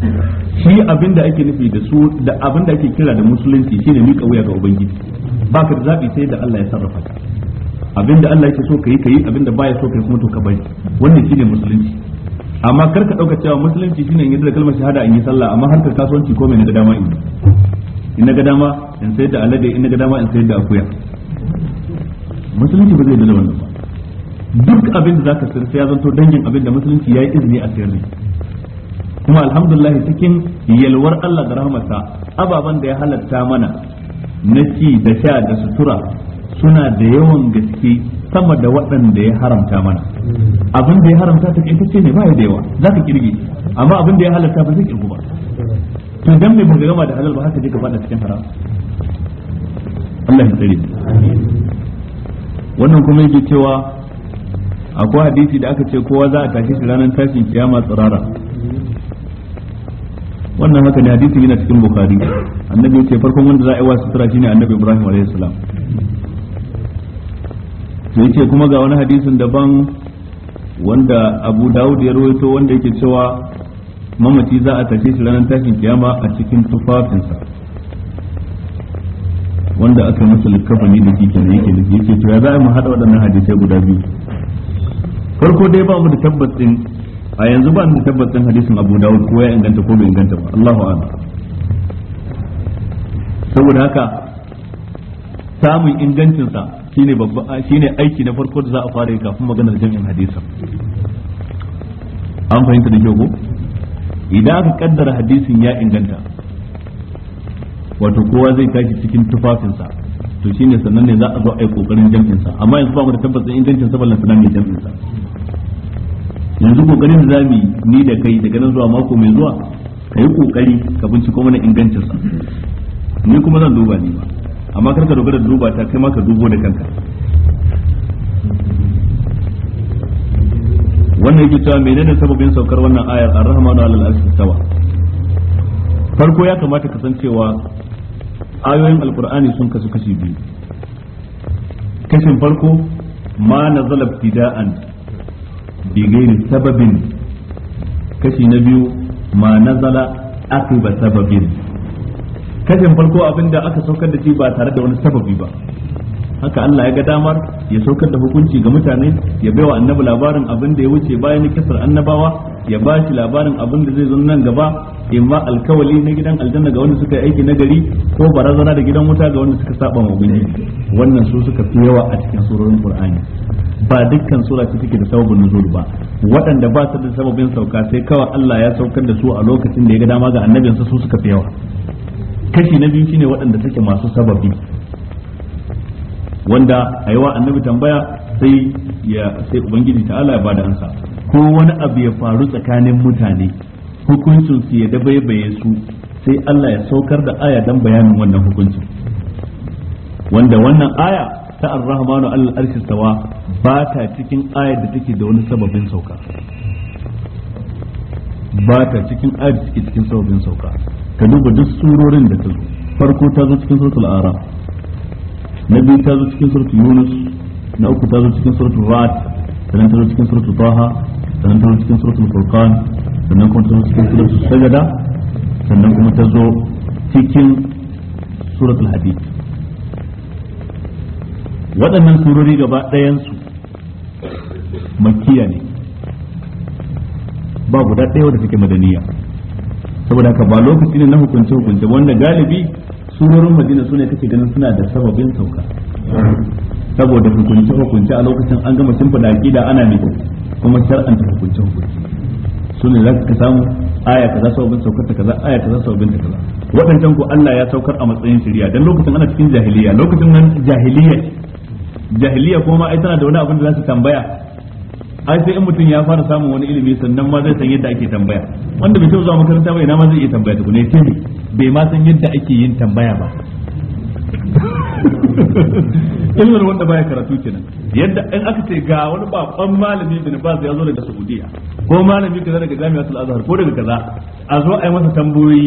shi abin da ake nufi da su da abin da ake kira da musulunci shine miƙa wuya ga ubangiji ka da zaɓi sai da Allah ya sarrafa ka abin da Allah yake so ka yi ka yi abin da baya so ka yi kuma to ka bari wannan shine musulunci amma kar ka dauka cewa musulunci shine yadda da kalmar shahada in yi sallah amma ka kasuwanci ko mai da dama in in ga dama in sayar da alade in ga dama in sayar da akuya musulunci ba zai da wannan ba duk abin da zaka sayar sai ya zanto dangin abin da musulunci yayi izini a sayar ne kuma alhamdulillah cikin yalwar Allah da rahmasa ababen da ya halatta mana na ci da sha da sutura suna da yawan gaske sama da waɗanda ya haramta mana abin da ya haramta ta ce ne ba da yawa za ka kirge amma abin da ya halatta ba zai kirgu ba to dan me baka gama da halal ba haka je ka fada cikin haram Allah ya tsare wannan kuma yake cewa akwai hadisi da aka ce kowa za a tashi shi ranar tashin kiyama tsirara wannan haka ne hadisi yana cikin bukhari annabi ya ce farkon wanda za a yi wa sutura shine annabi ibrahim alaihi salam sai ce kuma ga wani hadisin daban wanda abu dawud ya rawaito wanda yake cewa mamaci za a tashe shi ranar tashin kiyama a cikin tufafinsa wanda aka masa ne da shi ke yake nufi yake to ya za mu hada waɗannan hadisai guda biyu farko dai ba mu da tabbas din a yanzu ba ni tabbacin hadisin Abu Dawud ko ya inganta ko bai inganta ba Allahu a'lam saboda haka samun ingancinsa shine babba shine aiki na farko da za a fara yi kafin maganar jami'in hadisin an fahimta da kyau ko idan aka kaddara hadisin ya inganta wato kowa zai tashi cikin tufafinsa to shine sannan ne za a zo a yi kokarin jam'insa amma yanzu ba mu da tabbacin ingancin sa ballan sanan ne jam'insa yanzu kokarin da zamu yi ni da kai daga nan zuwa mako mai zuwa ka yi kokari ka binciko mana ingancin sa ni kuma zan duba ni ba amma kar ka dogara da duba ta kai ma ka dubo da kanka wannan yake cewa menene sababin saukar wannan ayar ar-rahmanu 'alal arshi tawa farko ya kamata ka san cewa ayoyin alkur'ani sun kasu kashi biyu kashin farko ma nazala ibtida'an bigairi sababin kashi na biyu ma nazala akiba sababin kashin farko abinda aka saukar da shi ba tare da wani sababi ba haka Allah ya ga damar ya saukar da hukunci ga mutane ya baiwa annabi labarin abin da ya wuce bayan kisar annabawa ya ba shi labarin abin da zai zo nan gaba imma alkawali na gidan aljanna ga wanda suka yi aiki na gari ko barazana da gidan wuta ga wanda suka saba wa wannan su suka fi yawa a cikin surorin qur'ani ba dukkan sura ce take da sababin nuzul ba waɗanda ba su da sababin sauka sai kawai Allah ya saukar da su a lokacin da ya ga dama ga annabinsa su suka fi yawa kashi na biyu shine waɗanda suke masu sababi wanda a aiwa annabi tambaya sai ya sai ubangiji ta'ala ya bada ansa ko wani abu ya faru tsakanin mutane hukuncin su ya dabaibaye su sai Allah ya saukar da aya dan bayanin wannan hukuncin wanda wannan aya ta ar-rahmanu al tawa ba ta cikin ayar da take da wani sababin sauka ba ta cikin ayar da take cikin sababin sauka ka duba duk surorin da ta zo farko ta zo cikin suratul araf na biyu ta zo cikin suratul yunus na uku ta zo cikin suratul ra'd sannan ta zo cikin suratul taha sannan ta zo cikin suratul furqan sannan kuma ta zo cikin suratul sajada sannan kuma ta zo cikin suratul hadid waɗannan surori gaba ɗayansu makiya ne ba guda ɗaya wadda take madaniya saboda haka ba lokaci ne na hukunce hukunce wanda galibi surorin madina sune kake ganin suna da sababin sauka saboda hukunce hukunce a lokacin an gama sun fada aqida ana ne kuma shar'anta hukunce hukunce sune za ka samu aya kaza sababin saukar ta kaza aya kaza sababin ta kaza wadannan ku Allah ya saukar a matsayin shari'a dan lokacin ana cikin jahiliya lokacin nan jahiliya jahiliya kuma ma ai tana da wani abin da za su tambaya ai sai in mutum ya fara samun wani ilimi sannan ma zai san yadda ake tambaya wanda bai taɓa zuwa makaranta ba ina ma zai iya tambaya tukuna ya ne bai ma san yadda ake yin tambaya ba ilmin wanda baya karatu kenan yadda in aka ce ga wani babban malami bin ba ya zo daga saudiya ko malami kaza daga jami'atul azhar ko daga kaza a zo a yi masa tambayoyi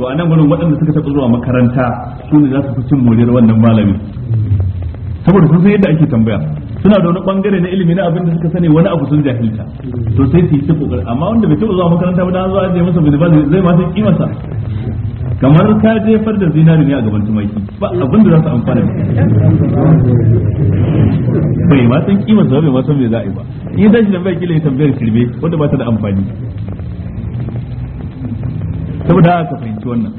to a nan gurin waɗanda suka taɓa zuwa makaranta su ne za su fi cin moriyar wannan malami saboda sun san yadda ake tambaya suna da wani bangare na ilimi na abin da suka sani wani abu sun jahilta to sai su yi ta kokari amma wanda bai taɓa zuwa makaranta ba da zuwa ajiye masa bai zai ma san kimarsa kamar ka jefar da zinari ne a gaban tumaki ba abin da za su amfana da bai ma san kimar ba bai ma san me za a yi ba in zai da bai kila ya tambayar kirbe wanda ba ta da amfani saboda haka fahimci wannan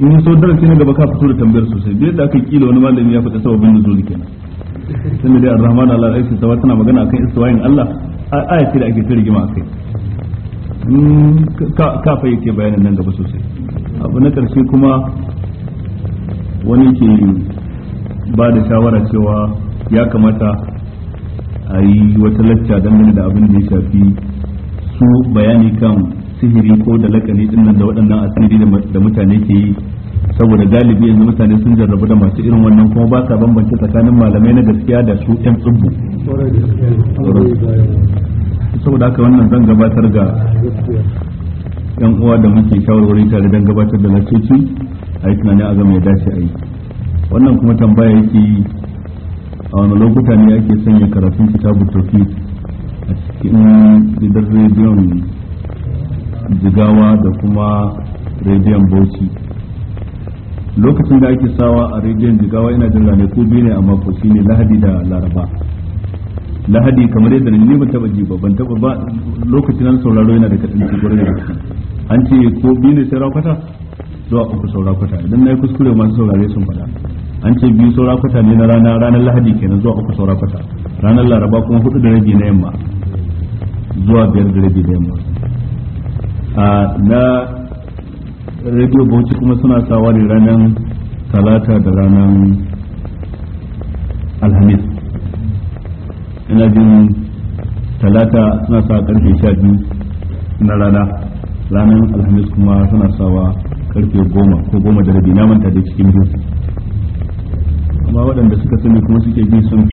in so darasi na gaba ka fito da tambayar sosai da aka kila wani malami ya faɗa sababin nuzuli kenan da dai ar-rahman ala al-arshi sawa tana magana akan wayan Allah aya ce da ake ta rigima akai ka fa yake bayanin nan gaba sosai abu na karshe kuma wani ke ba da shawara cewa ya kamata a yi wata lacca dangane da abin da ya shafi su bayani kan sihiri ko da lakani din nan da waɗannan asiri da mutane ke yi saboda galibi yanzu mutane sun jarrabu da masu irin wannan kuma ba sa bambance tsakanin malamai na gaskiya da su ɗan tsubbu saboda haka wannan zan gabatar ga yan uwa da muke shawarwari tare don gabatar da lasoci a yi tunanin a zama ya dace a yi wannan kuma tambaya yake a wani lokuta ne ake sanya karatun kitabu tofi a cikin gidan rediyon jigawa da kuma rediyon bauchi lokacin da ake sawa a rediyon jigawa ina jin ko biyu ne amma ko ne lahadi da laraba lahadi kamar yadda ni ban taba ji ba ban taba ba lokacin nan sauraro yana da kadan ci gurin an ce ko biyu ne sai rakwata zuwa uku saura kwata idan na yi kuskure masu saurare sun faɗa an ce biyu saura kwata ne na rana ranar lahadi kenan zuwa uku saura kwata ranar laraba kuma hudu da rabi na yamma zuwa biyar da rabi na yamma na radio bauchi kuma suna sawa ne ranar talata da ranar alhamis ina jin talata suna sa karfe sha biyu na rana ranar alhamis kuma suna sawa karfe goma ko goma da rabi na manta da cikin biyu amma waɗanda suka sani kuma suke bi sun